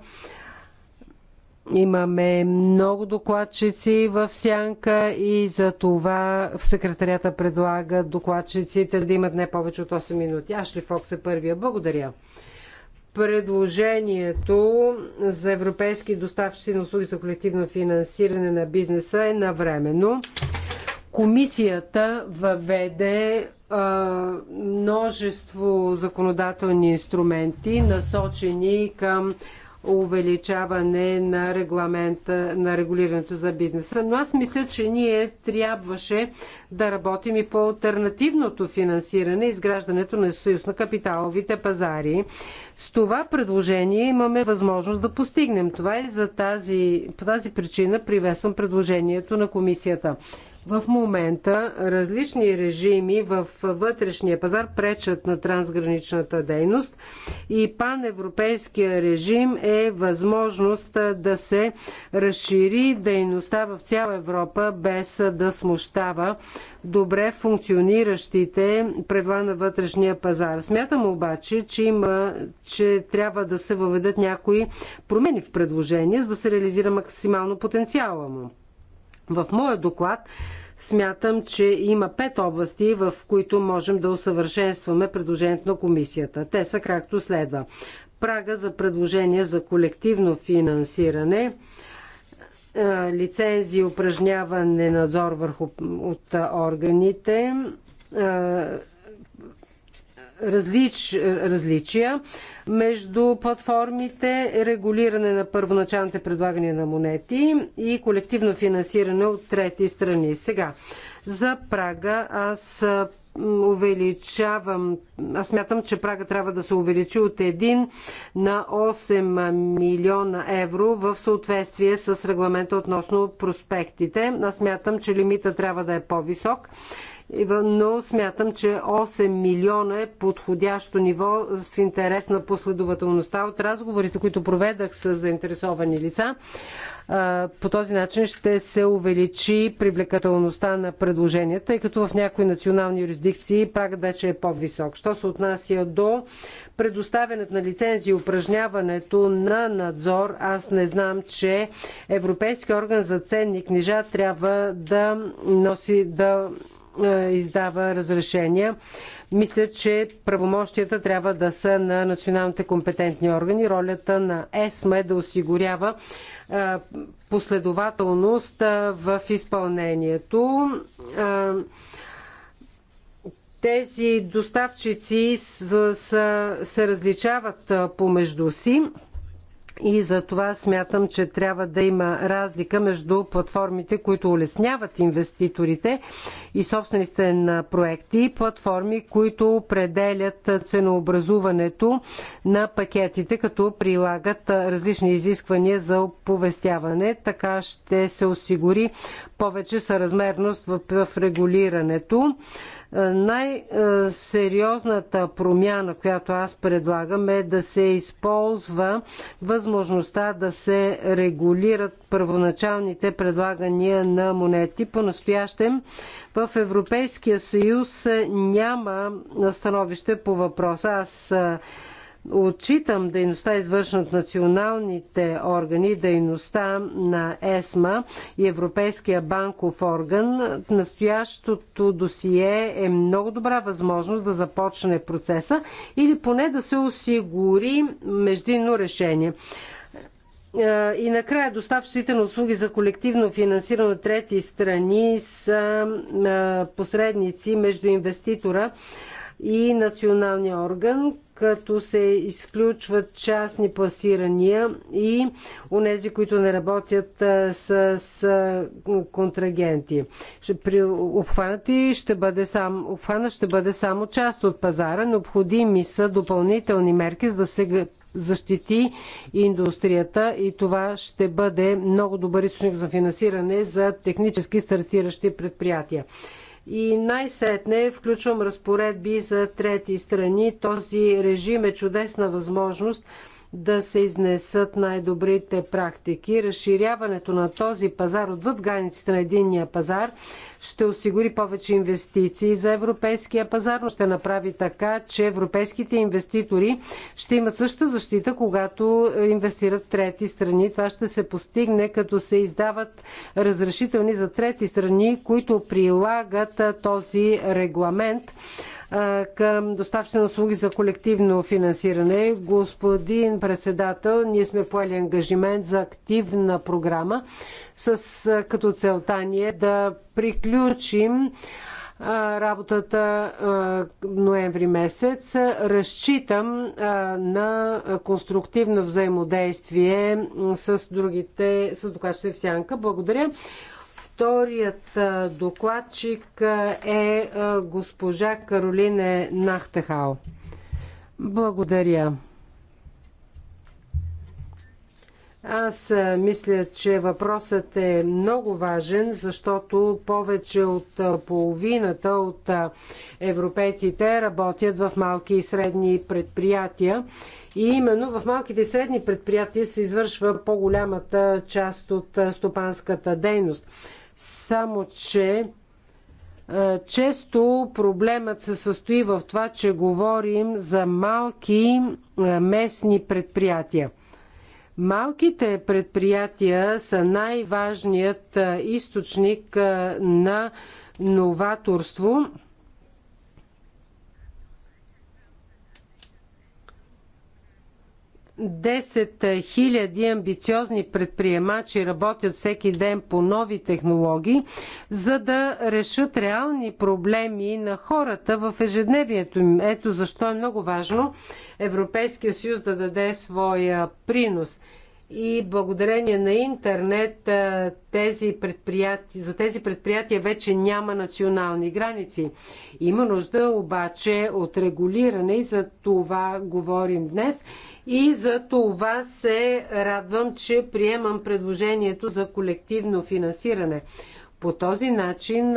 Имаме много докладчици в сянка и за това в секретарията предлага докладчиците да имат не повече от 8 минути. Ашли Фокс е първия. Благодаря предложението за европейски доставчици на услуги за колективно финансиране на бизнеса е навременно. Комисията въведе а, множество законодателни инструменти, насочени към увеличаване на регламента на регулирането за бизнеса. Но аз мисля, че ние трябваше да работим и по альтернативното финансиране, изграждането на съюз на капиталовите пазари. С това предложение имаме възможност да постигнем това и е за тази, по тази причина приветствам предложението на комисията. В момента различни режими в вътрешния пазар пречат на трансграничната дейност и паневропейския режим е възможност да се разшири дейността в цяла Европа без да смущава добре функциониращите правила на вътрешния пазар. Смятам обаче, че има, че трябва да се въведат някои промени в предложение, за да се реализира максимално потенциала му. В моя доклад смятам, че има пет области, в които можем да усъвършенстваме предложението на комисията. Те са както следва. Прага за предложение за колективно финансиране, е, лицензии, упражняване надзор върху от органите, е, различ, различия между платформите, регулиране на първоначалните предлагания на монети и колективно финансиране от трети страни. Сега, за прага аз увеличавам, аз мятам, че прага трябва да се увеличи от 1 на 8 милиона евро в съответствие с регламента относно проспектите. Аз мятам, че лимита трябва да е по-висок но смятам, че 8 милиона е подходящо ниво в интерес на последователността от разговорите, които проведах с заинтересовани лица. По този начин ще се увеличи привлекателността на предложенията, тъй като в някои национални юрисдикции прагът вече е по-висок. Що се отнася до предоставянето на лицензии и упражняването на надзор, аз не знам, че Европейски орган за ценни книжа трябва да носи да е, издава разрешения. Мисля, че правомощията трябва да са на националните компетентни органи. Ролята на ЕСМА е да осигурява е, последователност е, в изпълнението тези доставчици са, се различават помежду си. И за това смятам, че трябва да има разлика между платформите, които улесняват инвеститорите и собствениците на проекти, и платформи, които определят ценообразуването на пакетите, като прилагат различни изисквания за оповестяване. Така ще се осигури повече съразмерност в регулирането. Най-сериозната промяна, която аз предлагам е да се използва възможността да се регулират първоначалните предлагания на монети. По-настоящем в Европейския съюз няма становище по въпроса. Аз Отчитам дейността, извършена от националните органи, дейността на ЕСМА и Европейския банков орган. Настоящото досие е много добра възможност да започне процеса или поне да се осигури междинно решение. Е, и накрая доставчиците на услуги за колективно финансиране от трети страни са е, посредници между инвеститора и националния орган, като се изключват частни пласирания и онези, които не работят с, с контрагенти. при обхванати ще бъде сам, обхванат ще бъде само част от пазара. Необходими са допълнителни мерки, за да се защити индустрията и това ще бъде много добър източник за финансиране за технически стартиращи предприятия. И най-сетне включвам разпоредби за трети страни. Този режим е чудесна възможност – да се изнесат най-добрите практики. Разширяването на този пазар отвъд границите на единния пазар ще осигури повече инвестиции за европейския пазар, но ще направи така, че европейските инвеститори ще имат същата защита, когато инвестират в трети страни. Това ще се постигне, като се издават разрешителни за трети страни, които прилагат този регламент към доставчите на услуги за колективно финансиране. Господин председател, ние сме поели ангажимент за активна програма с като целта ни е да приключим работата ноември месец. Разчитам на конструктивно взаимодействие с другите, с докладчите в Сянка. Благодаря. Вторият докладчик е госпожа Каролине Нахтехал. Благодаря. Аз мисля, че въпросът е много важен, защото повече от половината от европейците работят в малки и средни предприятия. И именно в малките и средни предприятия се извършва по-голямата част от стопанската дейност. Само, че е, често проблемът се състои в това, че говорим за малки е, местни предприятия. Малките предприятия са най-важният е, източник на новаторство 10 000 амбициозни предприемачи работят всеки ден по нови технологии, за да решат реални проблеми на хората в ежедневието им. Ето защо е много важно Европейския съюз да даде своя принос. И благодарение на интернет тези предприятия, за тези предприятия вече няма национални граници. Има нужда обаче от регулиране и за това говорим днес и за това се радвам, че приемам предложението за колективно финансиране. По този начин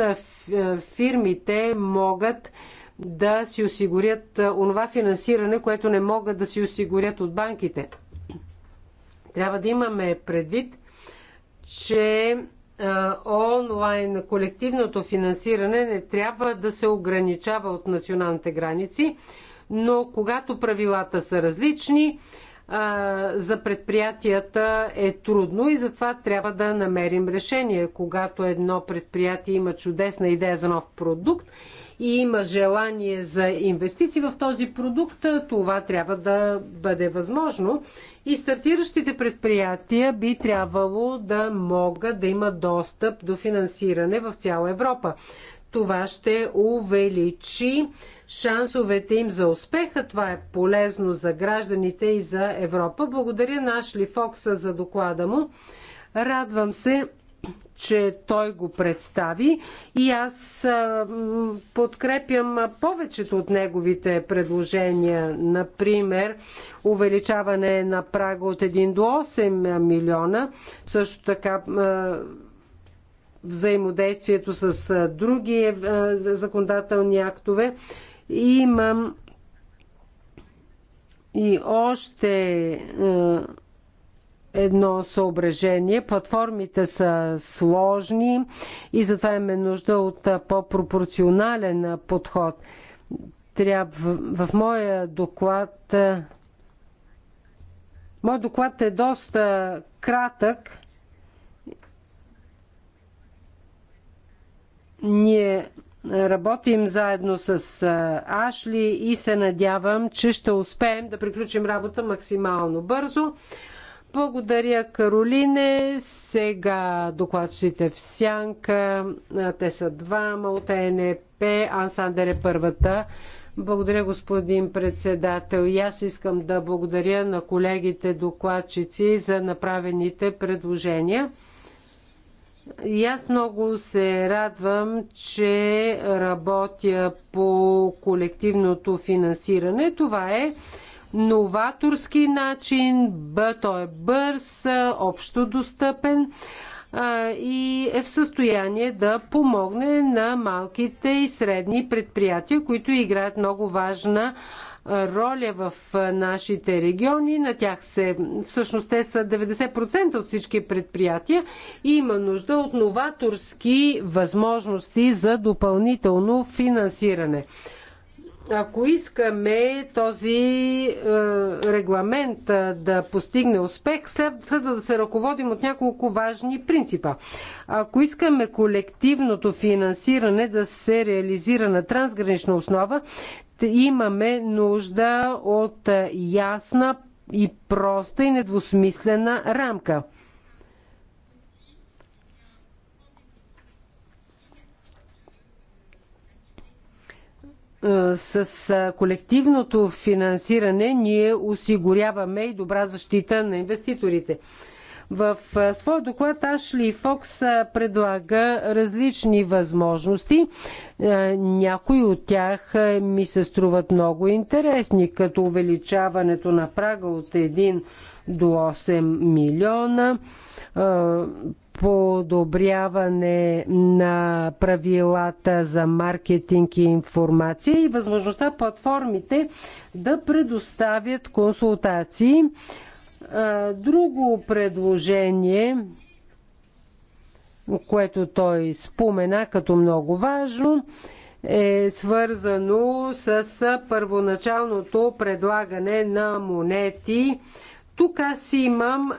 фирмите могат да си осигурят онова финансиране, което не могат да си осигурят от банките. Трябва да имаме предвид, че онлайн колективното финансиране не трябва да се ограничава от националните граници но когато правилата са различни, за предприятията е трудно и затова трябва да намерим решение. Когато едно предприятие има чудесна идея за нов продукт и има желание за инвестиции в този продукт, това трябва да бъде възможно. И стартиращите предприятия би трябвало да могат да имат достъп до финансиране в цяла Европа. Това ще увеличи шансовете им за успеха. Това е полезно за гражданите и за Европа. Благодаря на Ашли Фокса за доклада му. Радвам се, че той го представи и аз подкрепям повечето от неговите предложения. Например, увеличаване на прага от 1 до 8 милиона, също така взаимодействието с други законодателни актове. И имам и още е, едно съображение. Платформите са сложни и затова имаме нужда от е, по-пропорционален е, подход. Трябва, в моя доклад Мой доклад е доста кратък. Ние Работим заедно с Ашли и се надявам, че ще успеем да приключим работа максимално бързо. Благодаря, Каролине. Сега докладчите в сянка. Те са двама от ЕНП. Ансандер е първата. Благодаря, господин председател. И аз искам да благодаря на колегите докладчици за направените предложения. И аз много се радвам, че работя по колективното финансиране. Това е новаторски начин, той е бърз, общо достъпен и е в състояние да помогне на малките и средни предприятия, които играят много важна роля в нашите региони. На тях се, всъщност те са 90% от всички предприятия и има нужда от новаторски възможности за допълнително финансиране. Ако искаме този регламент да постигне успех, следва да се ръководим от няколко важни принципа. Ако искаме колективното финансиране да се реализира на трансгранична основа, имаме нужда от ясна и проста и недвусмислена рамка. С колективното финансиране ние осигуряваме и добра защита на инвеститорите. В своя доклад Ашли Фокс предлага различни възможности. Някои от тях ми се струват много интересни, като увеличаването на прага от 1 до 8 милиона, подобряване на правилата за маркетинг и информация и възможността платформите да предоставят консултации Друго предложение, което той спомена като много важно, е свързано с първоначалното предлагане на монети. Тук аз имам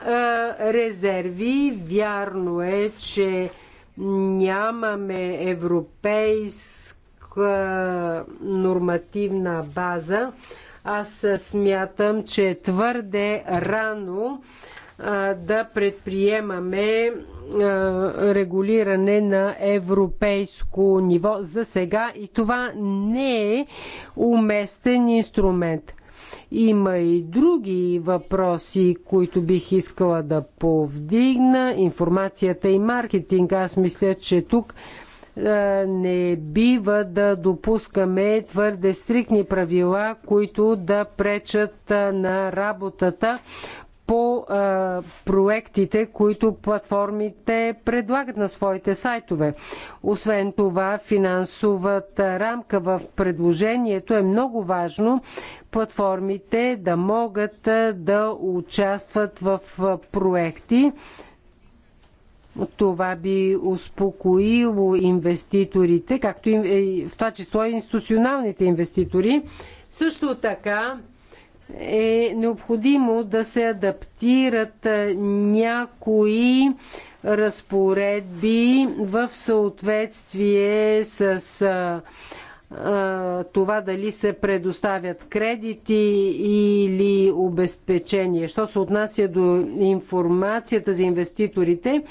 резерви. Вярно е, че нямаме европейска нормативна база, аз смятам, че е твърде рано да предприемаме регулиране на европейско ниво за сега и това не е уместен инструмент. Има и други въпроси, които бих искала да повдигна. Информацията и маркетинг. Аз мисля, че тук е, не бива да допускаме твърде стрикни правила, които да пречат е, на работата по е, проектите, които платформите предлагат на своите сайтове. Освен това, финансовата рамка в предложението е много важно платформите да могат да участват в проекти, това би успокоило инвеститорите, както и е, в това число и институционалните инвеститори. Също така е необходимо да се адаптират е, някои разпоредби в съответствие с е, това дали се предоставят кредити или обезпечение. Що се отнася до информацията за инвеститорите,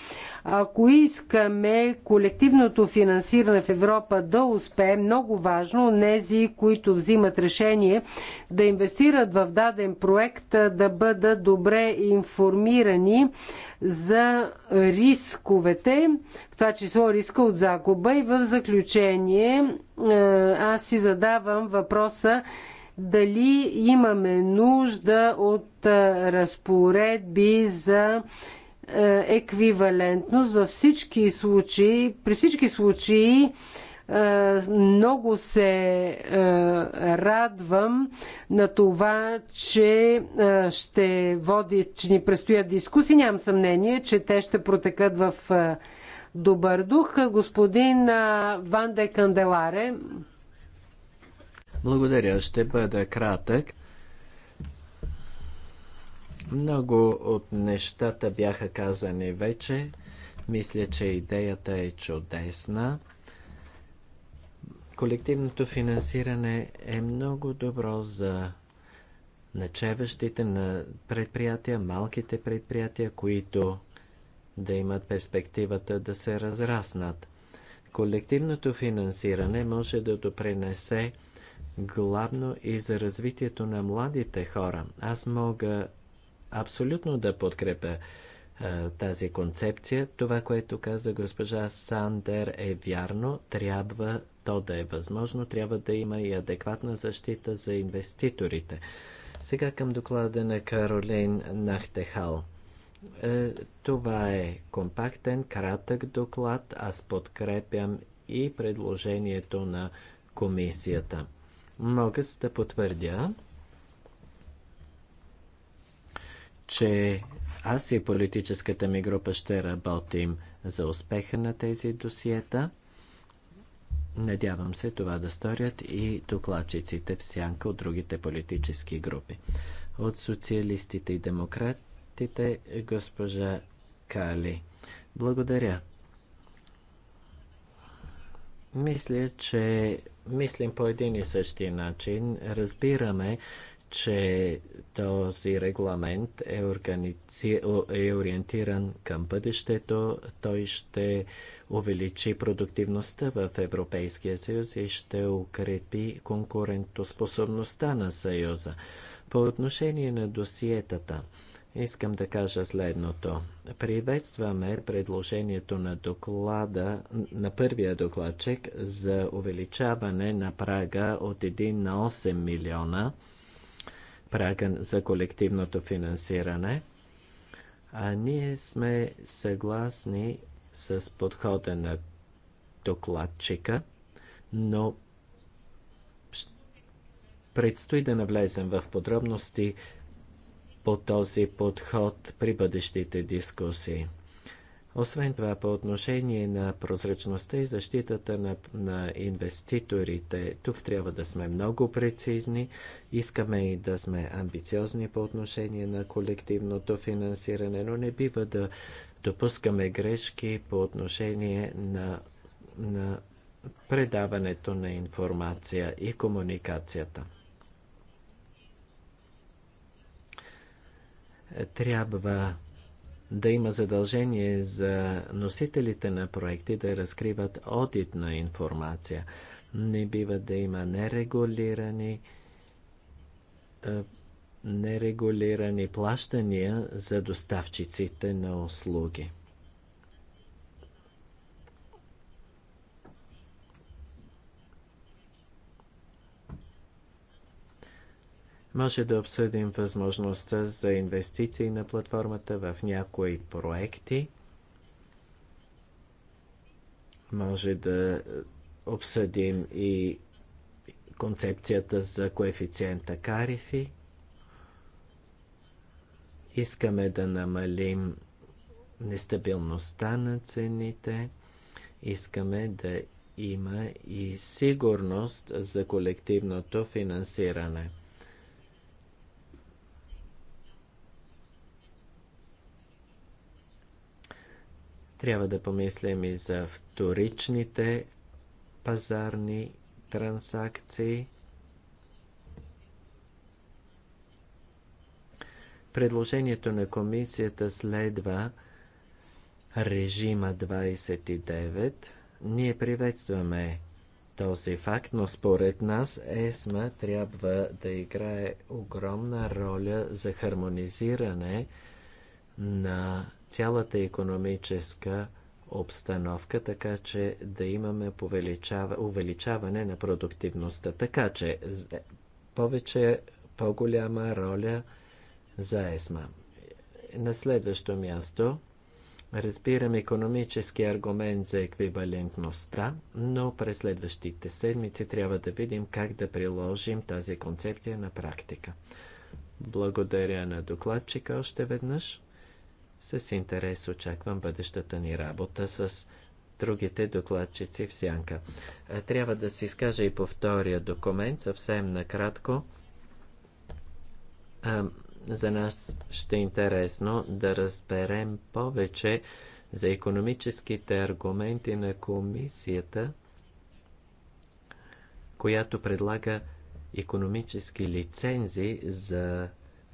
ако искаме колективното финансиране в Европа да успее, много важно нези, които взимат решение да инвестират в даден проект, да бъдат добре информирани за рисковете, в това число риска от загуба. И в заключение е, аз си задавам въпроса дали имаме нужда от е, разпоредби за е, еквивалентност във всички случаи, при всички случаи е, много се е, радвам на това, че ще води, че ни предстоят дискусии. Нямам съмнение, че те ще протекат в добър дух. Господин Ван де Канделаре. Благодаря, ще бъда кратък. Много от нещата бяха казани вече. Мисля, че идеята е чудесна. Колективното финансиране е много добро за начеващите на предприятия, малките предприятия, които да имат перспективата да се разраснат. Колективното финансиране може да допринесе главно и за развитието на младите хора. Аз мога абсолютно да подкрепя тази концепция. Това, което каза госпожа Сандер е вярно. Трябва то да е възможно. Трябва да има и адекватна защита за инвеститорите. Сега към доклада на Каролин Нахтехал. Е, това е компактен, кратък доклад. Аз подкрепям и предложението на комисията. Мога да потвърдя, че аз и политическата ми група ще работим за успеха на тези досиета. Надявам се това да сторят и докладчиците в сянка от другите политически групи. От социалистите и демократите госпожа Кали. Благодаря. Мисля, че мислим по един и същи начин. Разбираме, че този регламент е, органици... е ориентиран към бъдещето. Той ще увеличи продуктивността в Европейския съюз и ще укрепи конкурентоспособността на съюза. По отношение на досиетата, искам да кажа следното. Приветстваме предложението на доклада, на първия докладчик за увеличаване на прага от 1 на 8 милиона – прагън за колективното финансиране. А ние сме съгласни с подхода на докладчика, но предстои да навлезем в подробности по този подход при бъдещите дискусии. Освен това, по отношение на прозрачността и защитата на, на инвеститорите, тук трябва да сме много прецизни. Искаме и да сме амбициозни по отношение на колективното финансиране, но не бива да допускаме грешки по отношение на, на предаването на информация и комуникацията. Трябва да има задължение за носителите на проекти да разкриват одитна информация. Не бива да има нерегулирани е, нерегулирани плащания за доставчиците на услуги. Може да обсъдим възможността за инвестиции на платформата в някои проекти. Може да обсъдим и концепцията за коефициента Карифи. Искаме да намалим нестабилността на цените. Искаме да има и сигурност за колективното финансиране. Трябва да помислим и за вторичните пазарни транзакции. Предложението на комисията следва режима 29. Ние приветстваме този факт, но според нас ЕСМА трябва да играе огромна роля за хармонизиране на цялата економическа обстановка, така че да имаме увеличаване на продуктивността. Така че повече по-голяма роля за ЕСМА. На следващо място разбирам економически аргумент за еквивалентността, но през следващите седмици трябва да видим как да приложим тази концепция на практика. Благодаря на докладчика още веднъж. С интерес очаквам бъдещата ни работа с другите докладчици в сянка. Трябва да се изкажа и по втория документ, съвсем накратко. За нас ще е интересно да разберем повече за економическите аргументи на комисията, която предлага економически лицензи за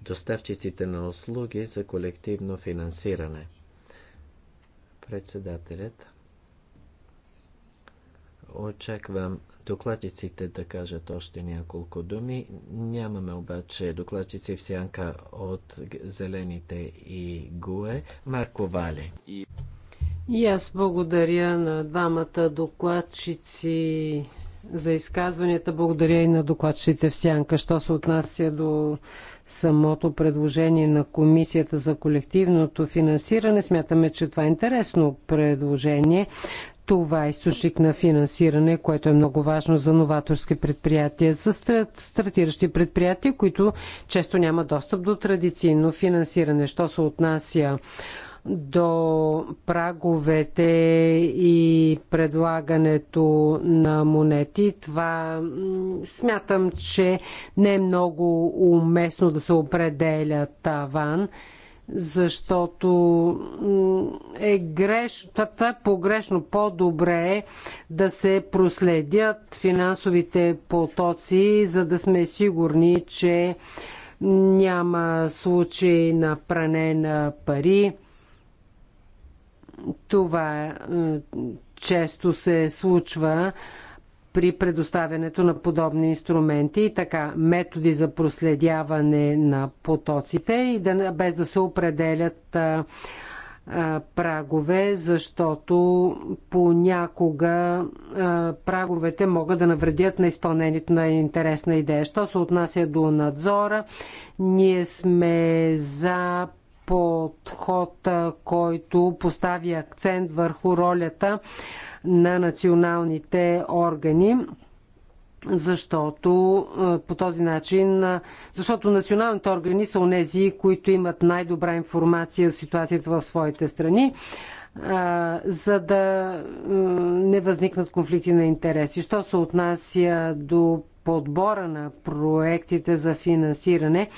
доставчиците на услуги за колективно финансиране. Председателят. Очаквам докладчиците да кажат още няколко думи. Нямаме обаче докладчици в сянка от Зелените и Гуе. Марко Вали. И аз благодаря на двамата докладчици за изказванията. Благодаря и на докладчите в сянка. Що се отнася до самото предложение на Комисията за колективното финансиране. Смятаме, че това е интересно предложение. Това е източник на финансиране, което е много важно за новаторски предприятия, за стартиращи предприятия, които често няма достъп до традиционно финансиране. Що се отнася до праговете и предлагането на монети. Това смятам, че не е много уместно да се определя таван, защото е греш... това е погрешно. По-добре е да се проследят финансовите потоци, за да сме сигурни, че няма случай на пране на пари това е, често се случва при предоставянето на подобни инструменти и така методи за проследяване на потоците и да, без да се определят а, а, прагове, защото понякога а, праговете могат да навредят на изпълнението на интересна идея. Що се отнася до надзора, ние сме за подход, който постави акцент върху ролята на националните органи защото е, по този начин, е, защото националните органи са онези, които имат най-добра информация за ситуацията в своите страни, е, за да не възникнат конфликти на интереси. Що се отнася до подбора на проектите за финансиране.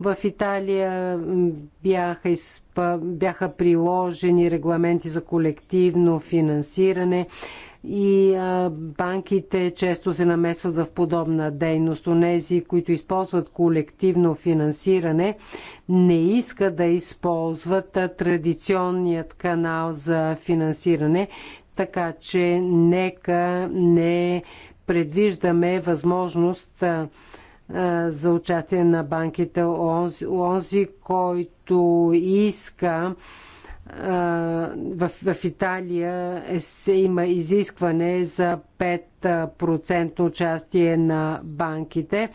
В Италия бяха, изпа, бяха приложени регламенти за колективно финансиране и а, банките често се намесват в подобна дейност. Онези, които използват колективно финансиране, не искат да използват а, традиционният канал за финансиране, така че нека не предвиждаме възможност за участие на банките. Онзи, онзи който иска в, в Италия е, има изискване за 5% участие на банките.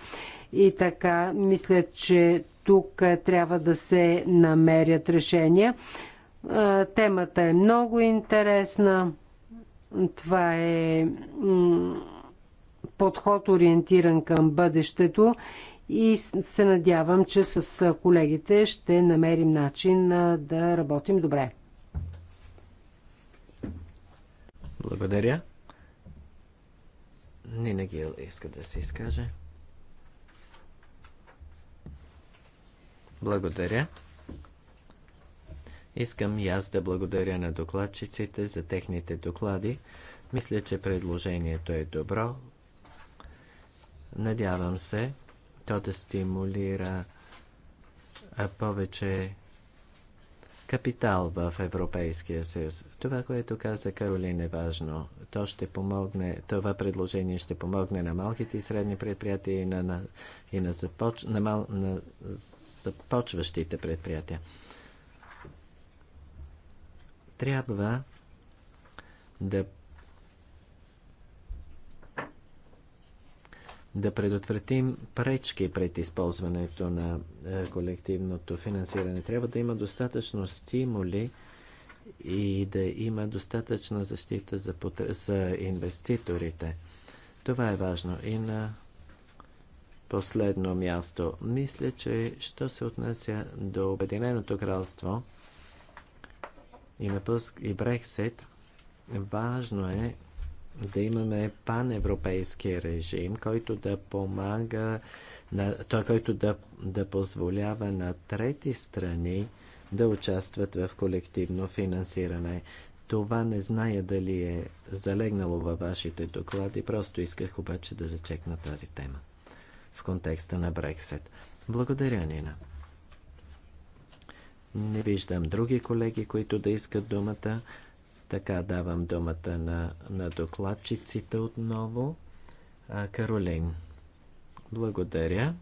И така, мисля, че тук трябва да се намерят решения. Темата е много интересна. Това е подход ориентиран към бъдещето и се надявам, че с колегите ще намерим начин да работим добре. Благодаря. Нина Гил иска да се изкаже. Благодаря. Искам и аз да благодаря на докладчиците за техните доклади. Мисля, че предложението е добро. Надявам се то да стимулира повече капитал в Европейския съюз. Това, което каза Каролин е важно. То ще помогне, това предложение ще помогне на малките и средни предприятия и на, на, и на, започ, на, мал, на започващите предприятия. Трябва да да предотвратим пречки пред използването на е, колективното финансиране. Трябва да има достатъчно стимули и да има достатъчна защита за, потр... за инвеститорите. Това е важно. И на последно място, мисля, че що се отнася до Обединеното кралство и, на Пълск... и Брексит, важно е да имаме паневропейски режим, който да помага, на, той, който да, да позволява на трети страни да участват в колективно финансиране. Това не зная дали е залегнало във вашите доклади, просто исках обаче да зачекна тази тема в контекста на Брексит. Благодаря, Нина. Не виждам други колеги, които да искат думата. Така давам думата на, на докладчиците отново. А, Каролин, благодаря.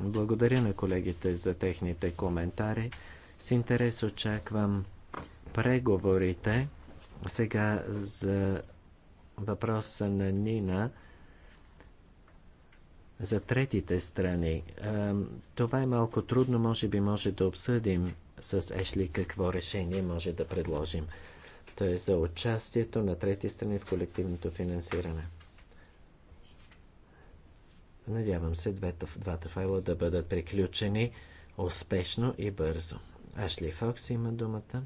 Благодаря на колегите за техните коментари. С интерес очаквам преговорите. Сега за въпроса на Нина за третите страни. Това е малко трудно, може би може да обсъдим с Ешли какво решение може да предложим. То е за участието на трети страни в колективното финансиране. Надявам се двата, двата файла да бъдат приключени успешно и бързо. Ашли Фокс има думата.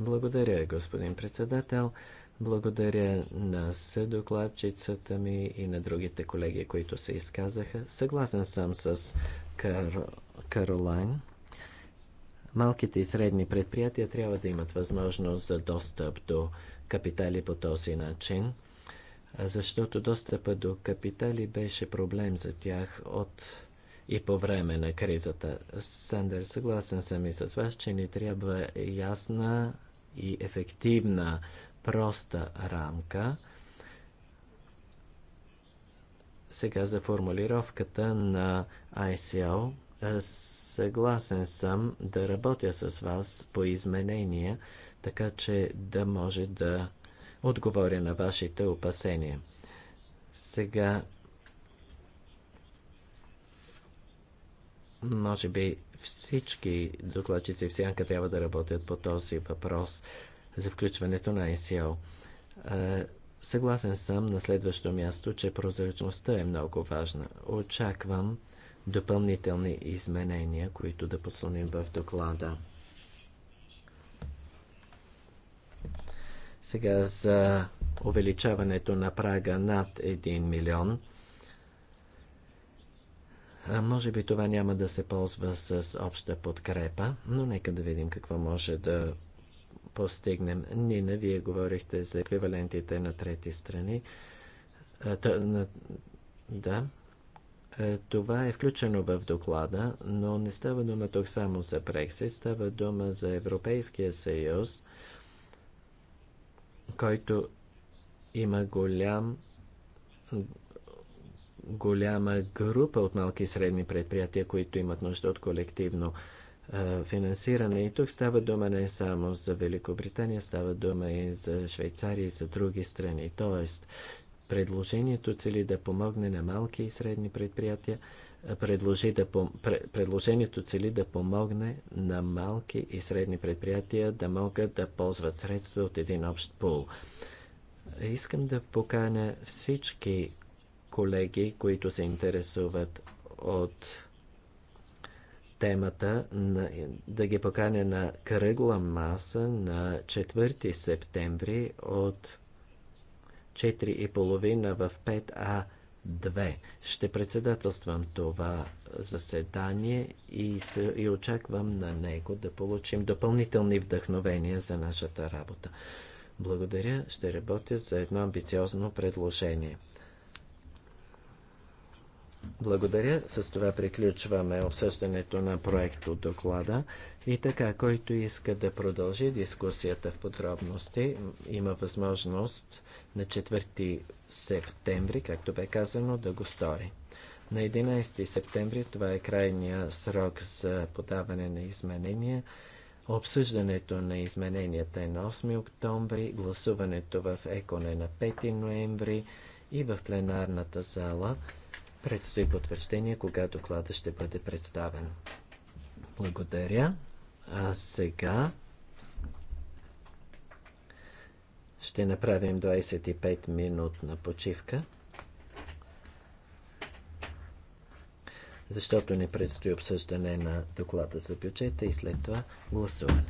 Благодаря, господин председател. Благодаря на съдокладчицата ми и на другите колеги, които се изказаха. Съгласен съм с Кар... Каролайн. Малките и средни предприятия трябва да имат възможност за достъп до капитали по този начин, защото достъпа до капитали беше проблем за тях от и по време на кризата. Сандър, съгласен съм и с вас, че ни трябва ясна и ефективна, проста рамка. Сега за формулировката на ICO Съгласен съм да работя с вас по изменения, така че да може да отговоря на вашите опасения. Сега, може би всички докладчици в Сянка трябва да работят по този въпрос за включването на ICO. Съгласен съм на следващо място, че прозрачността е много важна. Очаквам допълнителни изменения, които да послоним в доклада. Сега за увеличаването на прага над 1 милион. А може би това няма да се ползва с обща подкрепа, но нека да видим какво може да постигнем. Нина, вие говорихте за еквивалентите на трети страни. А, то, на, да. Е, това е включено в доклада, но не става дума тук само за Брексит, става дума за Европейския съюз, който има голям, голяма група от малки и средни предприятия, които имат нужда от колективно е, финансиране. И тук става дума не само за Великобритания, става дума и за Швейцария и за други страни. Тоест, Предложението цели да помогне на малки и средни предприятия. Предложи да пом... Предложението цели да помогне на малки и средни предприятия да могат да ползват средства от един общ пул. Искам да поканя всички колеги, които се интересуват от темата, да ги поканя на кръгла маса на 4 септември от 4.30 в 5А2. Ще председателствам това заседание и, се, и очаквам на него да получим допълнителни вдъхновения за нашата работа. Благодаря, ще работя за едно амбициозно предложение. Благодаря. С това приключваме обсъждането на проект от доклада. И така, който иска да продължи дискусията в подробности, има възможност на 4 септември, както бе казано, да го стори. На 11 септември, това е крайния срок за подаване на изменения, обсъждането на измененията е на 8 октомври, гласуването в ЕКОН е на 5 ноември и в пленарната зала предстои потвърждение, кога доклада ще бъде представен. Благодаря. А сега Ще направим 25 минутна почивка, защото ни предстои обсъждане на доклада за бюджета и след това гласуване.